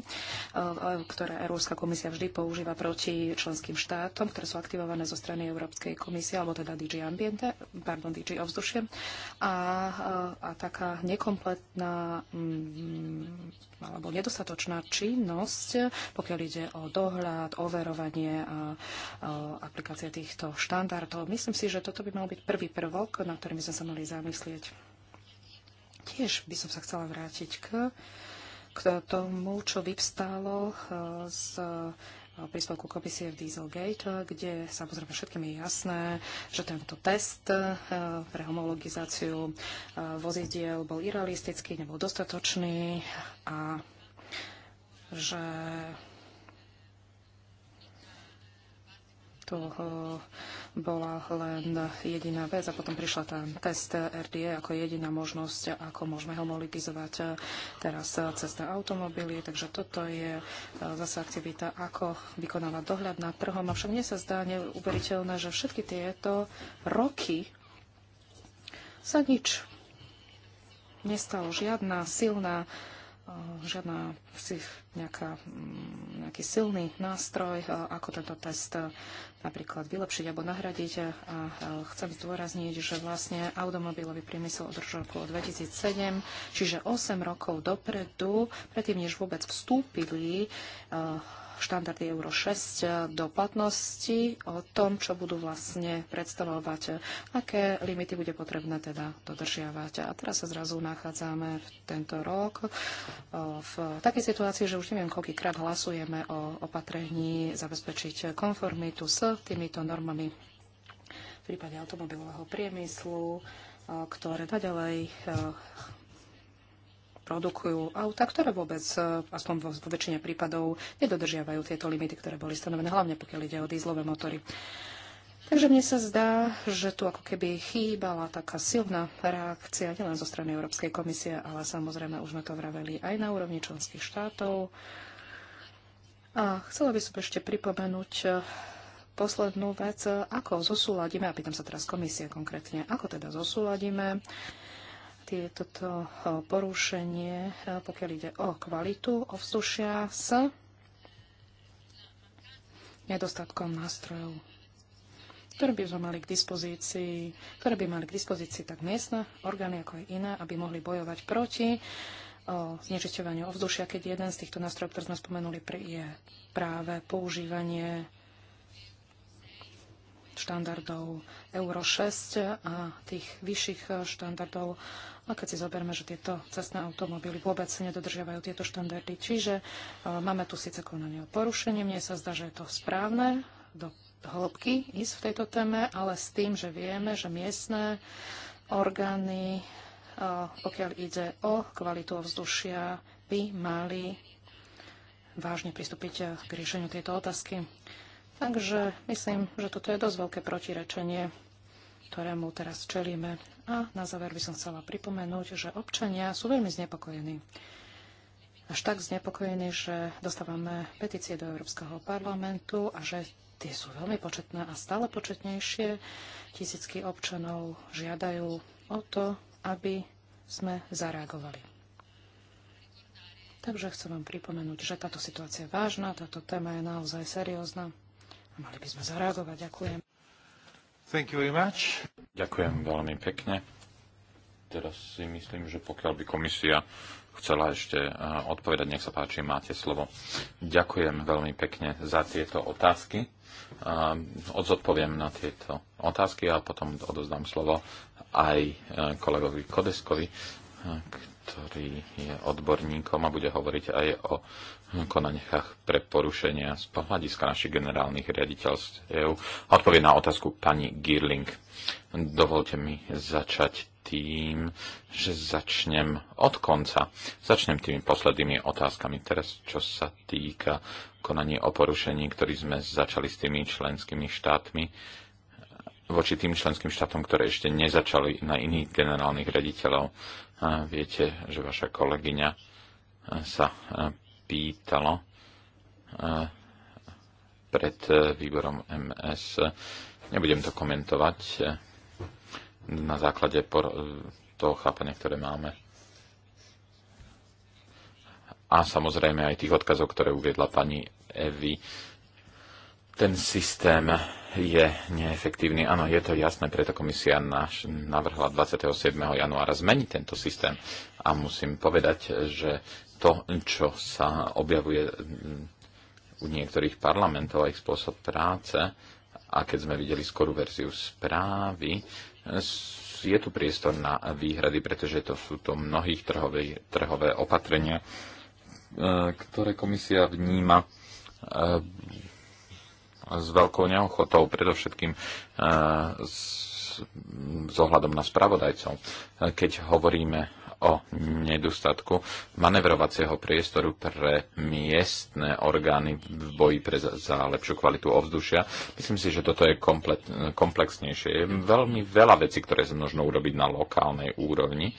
S2: ktoré Európska komisia vždy používa proti členským štátom, ktoré sú aktivované zo strany Európskej komisie, alebo teda DG Ambiente, pardon, DG Ovzdušie. A, e, a taká nekompletná mm, alebo nedostatočná činnosť, pokiaľ ide o dohľad, overovanie a, a aplikácie týchto štandardov. Myslím si, že toto by mal byť prvý prvok, na ktorým sme sa mali zamyslieť. Tiež by som sa chcela vrátiť k, k tomu, čo vyvstalo eh, z eh, príspevku komisie v Dieselgate, kde samozrejme všetkým je jasné, že tento test eh, pre homologizáciu vozidiel bol irrealistický, nebol dostatočný a že to eh, bola len jediná vec a potom prišla tá test RDE ako jediná možnosť, ako môžeme homologizovať eh, teraz eh, cestné automobily. Takže toto je zase aktivita, ako vykonávať dohľad nad trhom. Avšak mne sa zdá neuveriteľné, že všetky tieto roky sa nič nestalo. Žiadna silná Eh, žiadna nejaká, mm, nejaký silný nástroj, eh, ako tento test eh, napríklad vylepšiť alebo nahradiť. A chcem zdôrazniť, že vlastne automobilový priemysel od roku 2007, čiže 8 rokov dopredu, predtým než vôbec vstúpili štandardy Euro 6 eh, do platnosti, o tom, čo budú vlastne predstavovať, eh, aké limity bude potrebné teda dodržiavať. A teraz sa zrazu nachádzame v tento rok eh, v takej situácii, že už neviem, krát hlasujeme o opatrení zabezpečiť konformitu s týmito normami v prípade automobilového priemyslu, ktoré naďalej produkujú auta, ktoré vôbec, e, aspoň vo, väčšine prípadov, nedodržiavajú tieto limity, ktoré boli stanovené, hlavne pokiaľ ide o dýzlové motory. Takže mne sa zdá, že tu ako keby chýbala taká silná reakcia nielen zo strany Európskej komisie, ale samozrejme už sme to vraveli aj na úrovni členských štátov. A chcela by som ešte pripomenúť e, poslednú vec, e, ako zosúladíme, a pýtam sa teraz komisie konkrétne, ako teda zosúladíme toto eh, porušenie, eh, pokiaľ ide o kvalitu ovzdušia s nedostatkom nástrojov, ktoré by sme mali k dispozícii, ktoré by mali k dispozícii tak miestne orgány ako aj iné, aby mohli bojovať proti o eh, znečisťovaniu ovzdušia, keď jeden z týchto nástrojov, ktoré sme spomenuli, je práve používanie štandardov Euro 6 a tých vyšších štandardov a keď si zoberme, že tieto cestné automobily vôbec nedodržiavajú tieto štandardy, čiže e, máme tu síce konanie o porušení, mne sa zdá, že je to správne do hĺbky ísť v tejto téme, ale s tým, že vieme, že miestne orgány, e, pokiaľ ide o kvalitu ovzdušia, by mali vážne pristúpiť e, k riešeniu tejto otázky. Takže myslím, že toto je dosť veľké protirečenie ktorému teraz čelíme. A na záver by som chcela pripomenúť, že občania sú veľmi znepokojení. Až tak znepokojení, že dostávame petície do Európskeho parlamentu a že tie sú veľmi početné a stále početnejšie. Tisícky občanov žiadajú o to, aby sme zareagovali. Takže chcem vám pripomenúť, že táto situácia je vážna, táto téma je naozaj seriózna a mali by sme zareagovať. Ďakujem.
S1: Thank you very much. Ďakujem veľmi pekne. Teraz si myslím, že pokiaľ by komisia chcela ešte eh, odpovedať, nech sa páči, máte slovo. Ďakujem veľmi pekne za tieto otázky. Eh, odzodpoviem na tieto otázky a potom odozdám slovo aj eh, kolegovi Kodeskovi, ktorý je odborníkom a bude hovoriť aj o konaniach pre porušenia z pohľadiska našich generálnych riaditeľstiev. Odpovie na otázku pani Girling. Dovolte mi začať tým, že začnem od konca. Začnem tými poslednými otázkami teraz, čo sa týka konanie o porušení, ktorý sme začali s tými členskými štátmi voči tým členským štátom, ktoré ešte nezačali na iných generálnych rediteľov. A viete, že vaša kolegyňa sa pýtalo e, pred e, výborom MS. Nebudem to komentovať e, na základe toho chápania, ktoré máme. A samozrejme aj tých odkazov, ktoré uviedla pani Evi. Ten systém je neefektívny. Áno, je to jasné, preto komisia náš navrhla 27. januára zmeniť tento systém. A musím povedať, že to, čo sa objavuje mm, u niektorých parlamentov a ich spôsob práce, a keď sme videli skorú verziu správy, je tu priestor na výhrady, pretože to sú to mnohých trhové, trhové opatrenia, e, ktoré komisia vníma e, s veľkou neochotou, predovšetkým e, s, s ohľadom na spravodajcov. Keď hovoríme o nedostatku manevrovacieho priestoru pre miestne orgány v boji pre, za lepšiu kvalitu ovzdušia. Myslím si, že toto je komplet, komplexnejšie. Je veľmi veľa vecí, ktoré sa možno urobiť na lokálnej úrovni.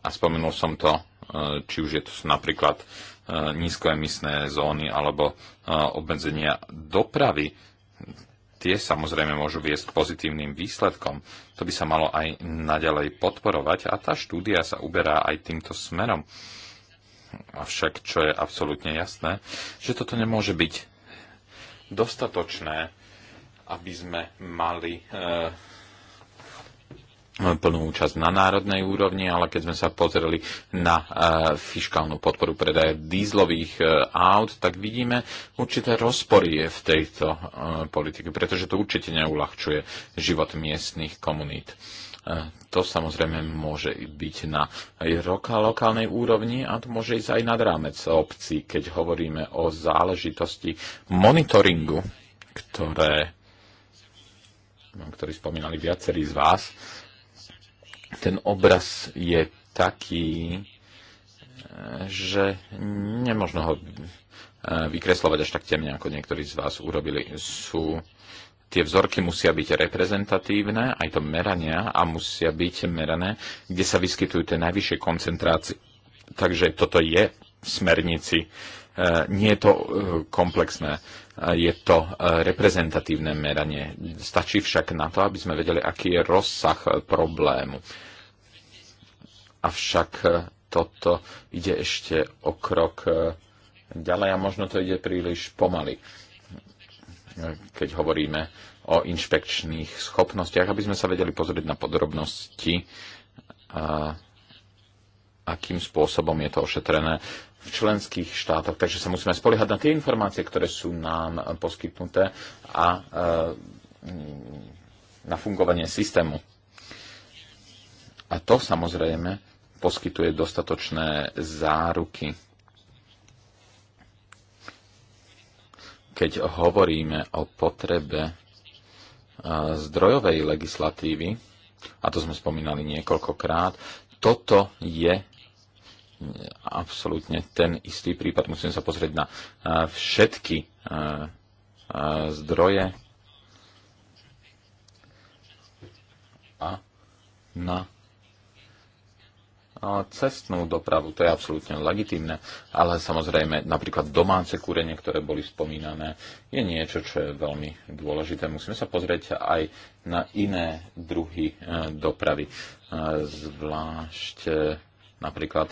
S1: A spomenul som to, e, či už je to napríklad e, nízkoemisné zóny alebo e, obmedzenia dopravy Tie samozrejme môžu viesť k pozitívnym výsledkom. To by sa malo aj naďalej podporovať a tá štúdia sa uberá aj týmto smerom. Avšak, čo je absolútne jasné, že toto nemôže byť dostatočné, aby sme mali e, plnú účasť na národnej úrovni, ale keď sme sa pozreli na e, fiskálnu podporu predaja dízlových e, aut, tak vidíme určité rozpory v tejto e, politike, pretože to určite neulahčuje život miestnych komunít. To samozrejme môže byť na lokálnej úrovni a to môže ísť aj nad rámec obcí, keď hovoríme o záležitosti monitoringu, ktoré, no, ktorý spomínali viacerí z vás ten obraz je taký, že nemožno ho e, vykreslovať až tak temne, ako niektorí z vás urobili. Sú, tie vzorky musia byť reprezentatívne, aj to merania, a musia byť merané, kde sa vyskytujú tie najvyššie koncentrácie. Takže toto je v smernici Eh, nie je to eh, komplexné, eh, je to reprezentatívne meranie. Stačí však na to, aby sme vedeli, aký je rozsah problému. Avšak toto ide ešte o krok ďalej a možno to ide príliš pomaly, keď hovoríme o inšpekčných schopnostiach, aby sme sa vedeli pozrieť na podrobnosti, a akým spôsobom je to ošetrené v členských štátoch. Takže sa musíme spoliehať na tie informácie, ktoré sú nám poskytnuté a e, na fungovanie systému. A to samozrejme poskytuje dostatočné záruky. Keď hovoríme o potrebe e, zdrojovej legislatívy, a to sme spomínali niekoľkokrát, toto je absolútne ten istý prípad. Musím sa pozrieť na eh, všetky eh, eh, zdroje a na cestnú dopravu, to je absolútne legitimné, ale samozrejme napríklad domáce kúrenie, ktoré boli spomínané, je niečo, čo je veľmi dôležité. Musíme sa pozrieť aj na iné druhy dopravy, zvlášť napríklad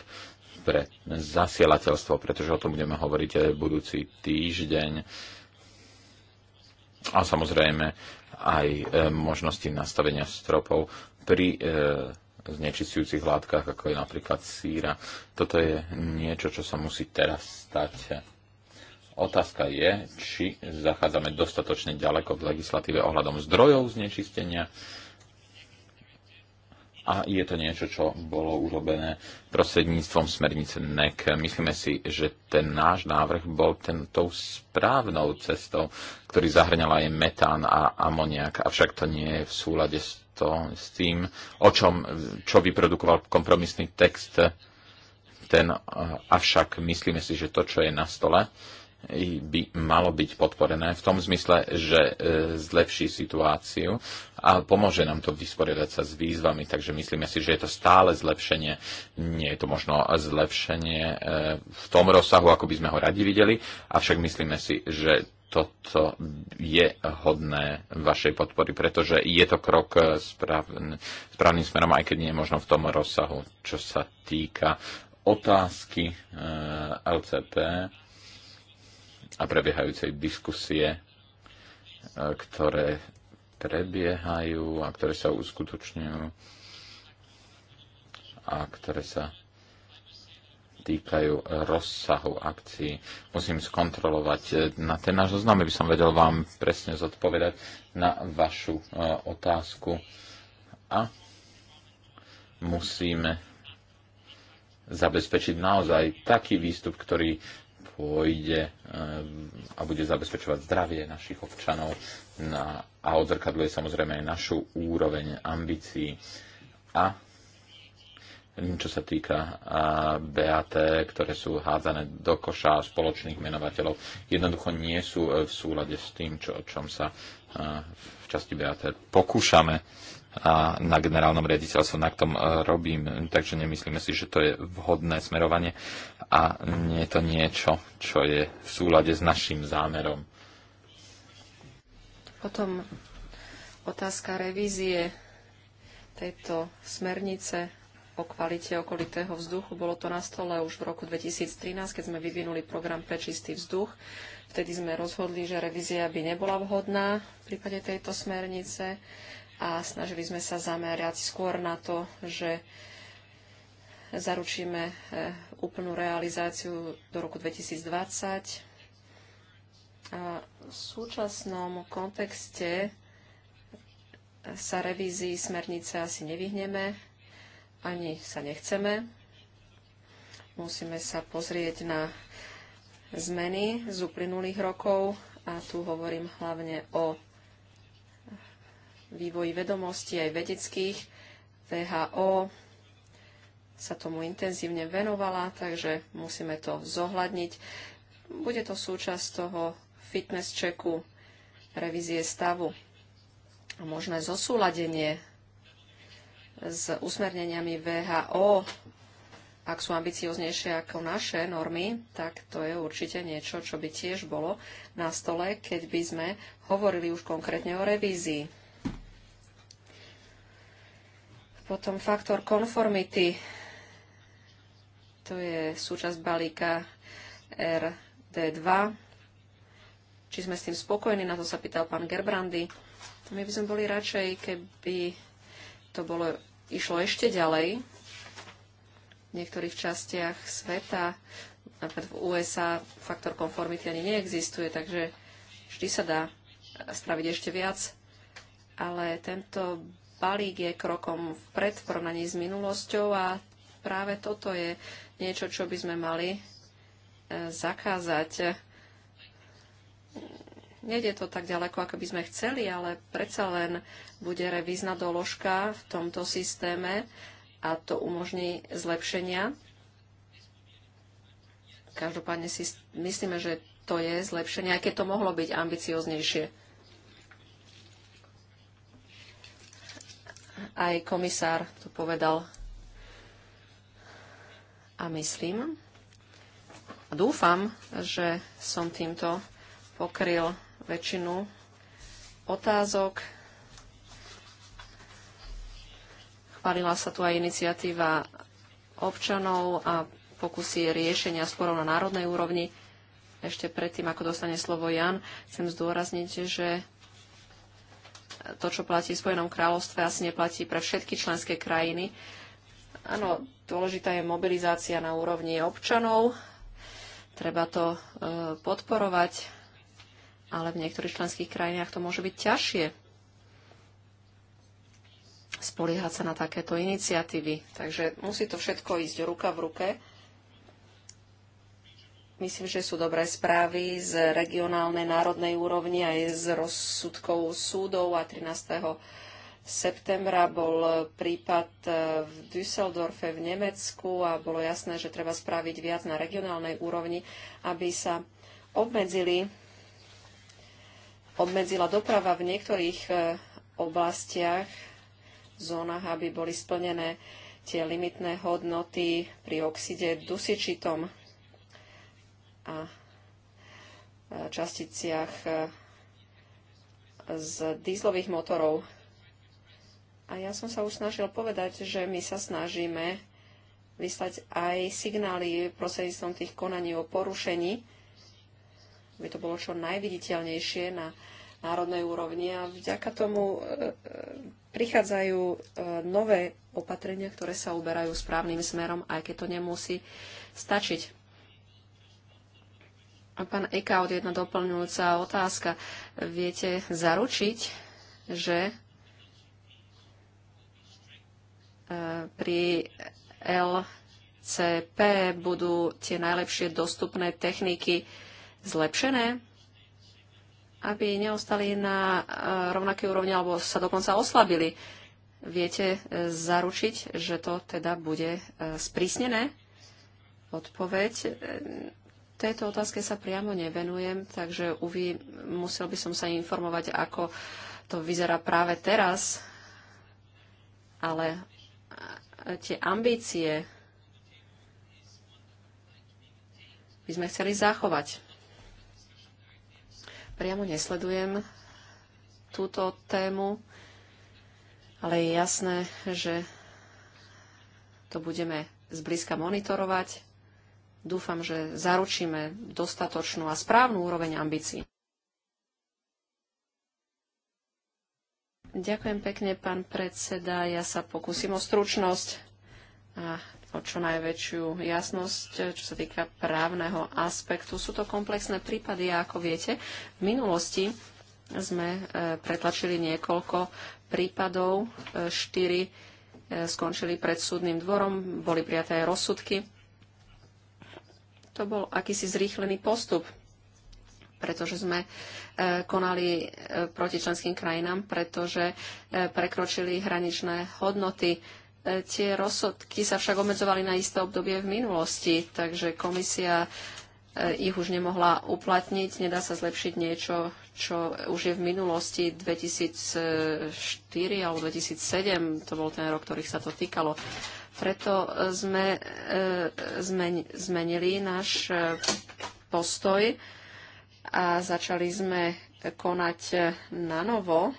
S1: pre zasielateľstvo, pretože o tom budeme hovoriť aj eh, budúci týždeň. A samozrejme aj eh, možnosti nastavenia stropov pri eh, znečistujúcich látkach, ako je napríklad síra. Toto je niečo, čo sa musí teraz stať. Otázka je, či zachádzame dostatočne ďaleko v legislatíve ohľadom zdrojov znečistenia, a je to niečo, čo bolo urobené prostredníctvom smernice NEC. Myslíme si, že ten náš návrh bol ten, tou správnou cestou, ktorý zahrňal aj metán a amoniak, avšak to nie je v súlade s, to, s tým, o čom, čo vyprodukoval kompromisný text. Ten, avšak myslíme si, že to, čo je na stole, by malo byť podporené v tom zmysle, že e, zlepší situáciu a pomôže nám to vysporiadať sa s výzvami, takže myslíme si, že je to stále zlepšenie. Nie je to možno zlepšenie e, v tom rozsahu, ako by sme ho radi videli, avšak myslíme si, že toto je hodné vašej podpory, pretože je to krok e, správny, správnym smerom, aj keď nie je možno v tom rozsahu, čo sa týka otázky e, LCP a prebiehajúcej diskusie, ktoré prebiehajú a ktoré sa uskutočňujú a ktoré sa týkajú rozsahu akcií. Musím skontrolovať e, na ten náš zoznam, by som vedel vám presne zodpovedať na vašu e, otázku. A musíme zabezpečiť naozaj taký výstup, ktorý pôjde e, a bude zabezpečovať zdravie našich občanov na a odzrkadluje samozrejme aj našu úroveň ambícií. A čo sa týka BAT, ktoré sú hádzané do koša spoločných menovateľov, jednoducho nie sú e, v súlade s tým, čo, o čom sa e, v časti BAT pokúšame a na generálnom riaditeľstve na tom e, robím, takže nemyslíme si, že to je vhodné smerovanie a nie je to niečo, čo je v súlade s našim zámerom.
S3: Potom otázka revízie tejto smernice o kvalite okolitého vzduchu. Bolo to na stole už v roku 2013, keď sme vyvinuli program pre čistý vzduch. Vtedy sme rozhodli, že revízia by nebola vhodná v prípade tejto smernice a snažili sme sa zamerať skôr na to, že zaručíme eh, úplnú realizáciu do roku 2020 v súčasnom kontexte sa revízii smernice asi nevyhneme, ani sa nechceme. Musíme sa pozrieť na zmeny z uplynulých rokov a tu hovorím hlavne o vývoji vedomostí aj vedeckých. VHO sa tomu intenzívne venovala, takže musíme to zohľadniť. Bude to súčasť toho fitness checku, revízie stavu a možné zosúladenie s usmerneniami VHO, ak sú ambicioznejšie ako naše normy, tak to je určite niečo, čo by tiež bolo na stole, keď by sme hovorili už konkrétne o revízii. Potom faktor konformity. To je súčasť balíka RD2 či sme s tým spokojní, na to sa pýtal pán Gerbrandy. My by sme boli radšej, keby to bolo, išlo ešte ďalej. V niektorých častiach sveta, napríklad v USA, faktor konformity ani neexistuje, takže vždy sa dá spraviť ešte viac. Ale tento balík je krokom vpred v porovnaní s minulosťou a práve toto je niečo, čo by sme mali e, zakázať Nejde to tak ďaleko, ako by sme chceli, ale predsa len bude revízna doložka v tomto systéme a to umožní zlepšenia. Každopádne si myslíme, že to je zlepšenie, aj keď to mohlo byť ambicioznejšie. Aj komisár to povedal. A myslím, a dúfam, že som týmto pokryl väčšinu otázok. Chválila sa tu aj iniciatíva občanov a pokusy riešenia sporov na národnej úrovni. Ešte predtým, ako dostane slovo Jan, chcem zdôrazniť, že to, čo platí v Spojenom kráľovstve, asi neplatí pre všetky členské krajiny. Áno, dôležitá je mobilizácia na úrovni občanov. Treba to e, podporovať ale v niektorých členských krajinách to môže byť ťažšie spoliehať sa na takéto iniciatívy. Takže musí to všetko ísť ruka v ruke. Myslím, že sú dobré správy z regionálnej národnej úrovni aj z rozsudkov súdov a 13. septembra bol prípad v Düsseldorfe v Nemecku a bolo jasné, že treba spraviť viac na regionálnej úrovni, aby sa obmedzili obmedzila doprava v niektorých e, oblastiach, zónach, aby boli splnené tie limitné hodnoty pri oxide dusičitom a e, časticiach e, z dýzlových motorov. A ja som sa už snažil povedať, že my sa snažíme vyslať aj signály prostredníctvom tých konaní o porušení aby to bolo čo najviditeľnejšie na národnej úrovni a vďaka tomu e, e, prichádzajú e, nové opatrenia, ktoré sa uberajú správnym smerom, aj keď to nemusí stačiť. A pán od jedna doplňujúca otázka. Viete zaručiť, že pri LCP budú tie najlepšie dostupné techniky zlepšené, aby neostali na e, rovnaké úrovni alebo sa dokonca oslabili. Viete e, zaručiť, že to teda bude e, sprísnené? Odpoveď. Tejto otázke sa priamo nevenujem, takže uvi, musel by som sa informovať, ako to vyzerá práve teraz, ale tie ambície by sme chceli zachovať priamo nesledujem túto tému, ale je jasné, že to budeme zblízka monitorovať. Dúfam, že zaručíme dostatočnú a správnu úroveň ambícií. Ďakujem pekne, pán predseda. Ja sa pokúsim o stručnosť a o čo najväčšiu jasnosť, čo sa týka právneho aspektu. Sú to komplexné prípady a ako viete, v minulosti sme e, pretlačili niekoľko prípadov, e, štyri e, skončili pred súdnym dvorom, boli prijaté aj rozsudky. To bol akýsi zrýchlený postup, pretože sme konali proti členským krajinám, pretože prekročili hraničné hodnoty Tie rozsudky sa však obmedzovali na isté obdobie v minulosti, takže komisia eh, ich už nemohla uplatniť. Nedá sa zlepšiť niečo, čo už je v minulosti 2004 alebo 2007, to bol ten rok, ktorých sa to týkalo. Preto eh, sme eh, zmenili náš postoj a začali sme konať na novo.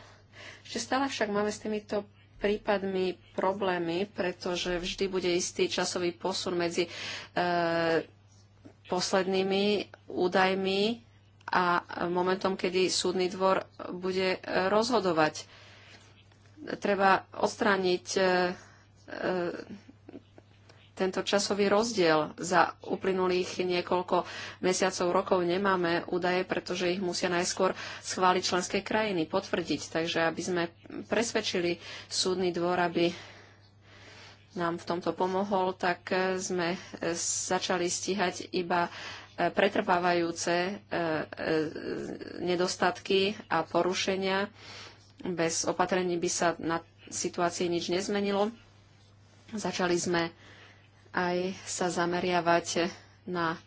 S3: Ešte stále však máme s týmito prípadmi problémy, pretože vždy bude istý časový posun medzi e, poslednými údajmi a momentom, kedy súdny dvor bude e, rozhodovať. Treba odstrániť e, e, tento časový rozdiel. Za uplynulých niekoľko mesiacov, rokov nemáme údaje, pretože ich musia najskôr schváliť členské krajiny, potvrdiť. Takže aby sme presvedčili súdny dvor, aby nám v tomto pomohol, tak e, sme e, začali stíhať iba e, pretrvávajúce nedostatky a porušenia. Bez opatrení by sa na situácii nič nezmenilo. Začali sme aj sa zameriavať na e,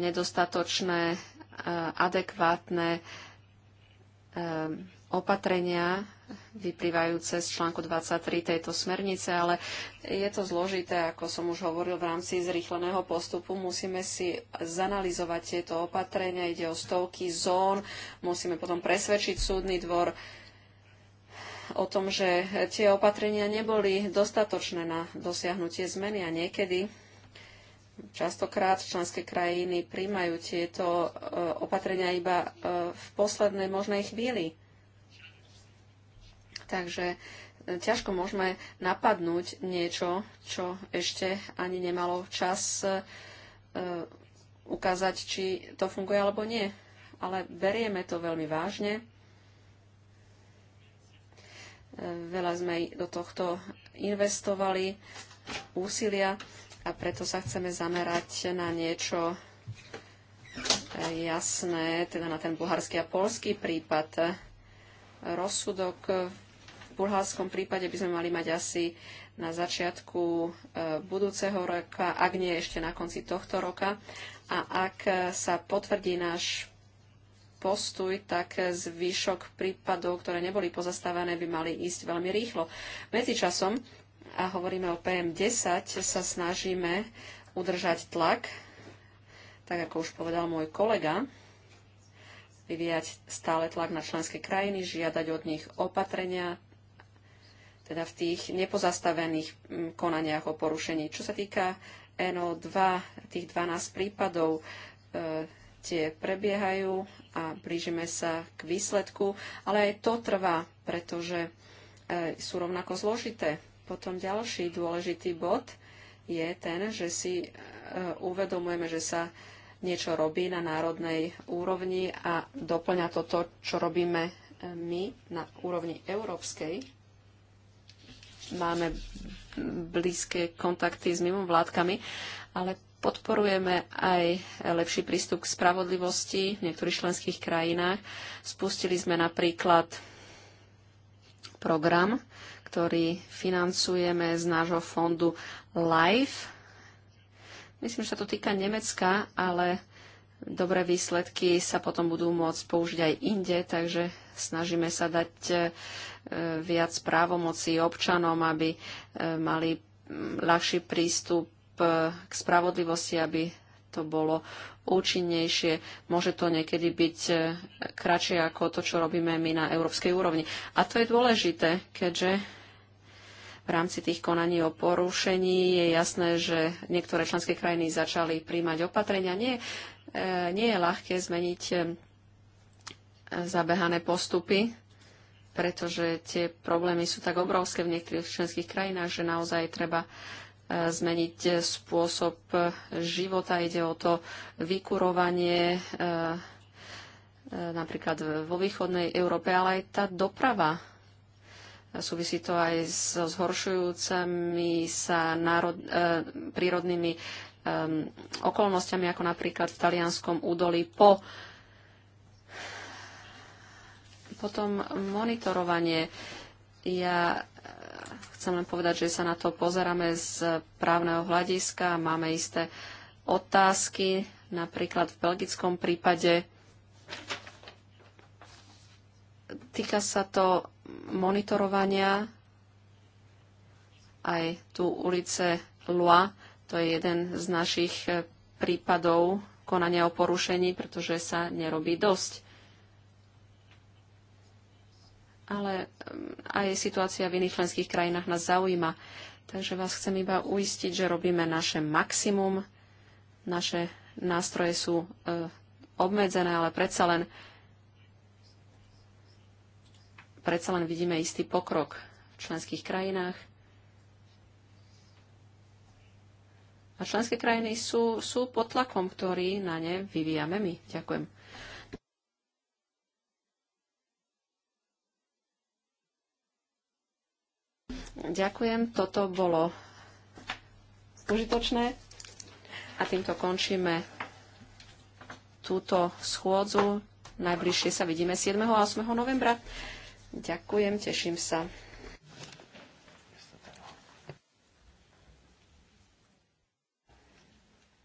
S3: nedostatočné, e, adekvátne e, opatrenia vyplývajúce z článku 23 tejto smernice, ale je to zložité, ako som už hovoril, v rámci zrýchleného postupu. Musíme si zanalizovať tieto opatrenia, ide o stovky zón, musíme potom presvedčiť súdny dvor, o tom, že tie opatrenia neboli dostatočné na dosiahnutie zmeny a niekedy častokrát členské krajiny príjmajú tieto e, opatrenia iba e, v poslednej možnej chvíli. Takže e, ťažko môžeme napadnúť niečo, čo ešte ani nemalo čas ukázať, či to funguje alebo nie. Ale berieme to veľmi vážne Veľa sme do tohto investovali úsilia a preto sa chceme zamerať na niečo eh, jasné, teda na ten bulharský a polský prípad. Rozsudok v bulharskom prípade by sme mali mať asi na začiatku eh, budúceho roka, ak nie ešte na konci tohto roka. A ak sa potvrdí náš postoj, tak zvyšok prípadov, ktoré neboli pozastavené, by mali ísť veľmi rýchlo. Medzičasom, a hovoríme o PM10, sa snažíme udržať tlak, tak ako už povedal môj kolega, vyvíjať stále tlak na členské krajiny, žiadať od nich opatrenia, teda v tých nepozastavených mm, konaniach o porušení. Čo sa týka NO2, tých 12 prípadov, e, tie prebiehajú a blížime sa k výsledku, ale aj to trvá, pretože e, sú rovnako zložité. Potom ďalší dôležitý bod je ten, že si e, uvedomujeme, že sa niečo robí na národnej úrovni a doplňa to to, čo robíme e, my na úrovni európskej. Máme blízke kontakty s mimovládkami, ale Podporujeme aj lepší prístup k spravodlivosti v niektorých členských krajinách. Spustili sme napríklad program, ktorý financujeme z nášho fondu LIFE. Myslím, že sa to týka Nemecka, ale dobré výsledky sa potom budú môcť použiť aj inde, takže snažíme sa dať e, viac právomocí občanom, aby e, mali ľahší prístup E, k spravodlivosti, aby to bolo účinnejšie. Môže to niekedy byť e, kratšie ako to, čo robíme my na európskej úrovni. A to je dôležité, keďže v rámci tých konaní o porušení je jasné, že niektoré členské krajiny začali príjmať opatrenia. Nie, e, nie je ľahké zmeniť zabehané postupy, pretože tie problémy sú tak obrovské v niektorých členských krajinách, že naozaj treba zmeniť spôsob života. Ide o to vykurovanie e, e, napríklad vo východnej Európe, ale aj tá doprava. Súvisí to aj so zhoršujúcimi sa národ, e, prírodnými e, okolnostiami, ako napríklad v talianskom údolí po. Potom monitorovanie. Ja Chcem len povedať, že sa na to pozeráme z právneho hľadiska. Máme isté otázky, napríklad v belgickom prípade. Týka sa to monitorovania aj tu ulice Lua. To je jeden z našich prípadov konania o porušení, pretože sa nerobí dosť ale mm, aj situácia v iných členských krajinách nás zaujíma. Takže vás chcem iba uistiť, že robíme naše maximum. Naše nástroje sú e, obmedzené, ale predsa len, predsa len vidíme istý pokrok v členských krajinách. A členské krajiny sú, sú pod tlakom, ktorý na ne vyvíjame my. Ďakujem. Ďakujem, toto bolo užitočné a týmto končíme túto schôdzu. Najbližšie sa vidíme 7. a 8. novembra. Ďakujem, teším sa.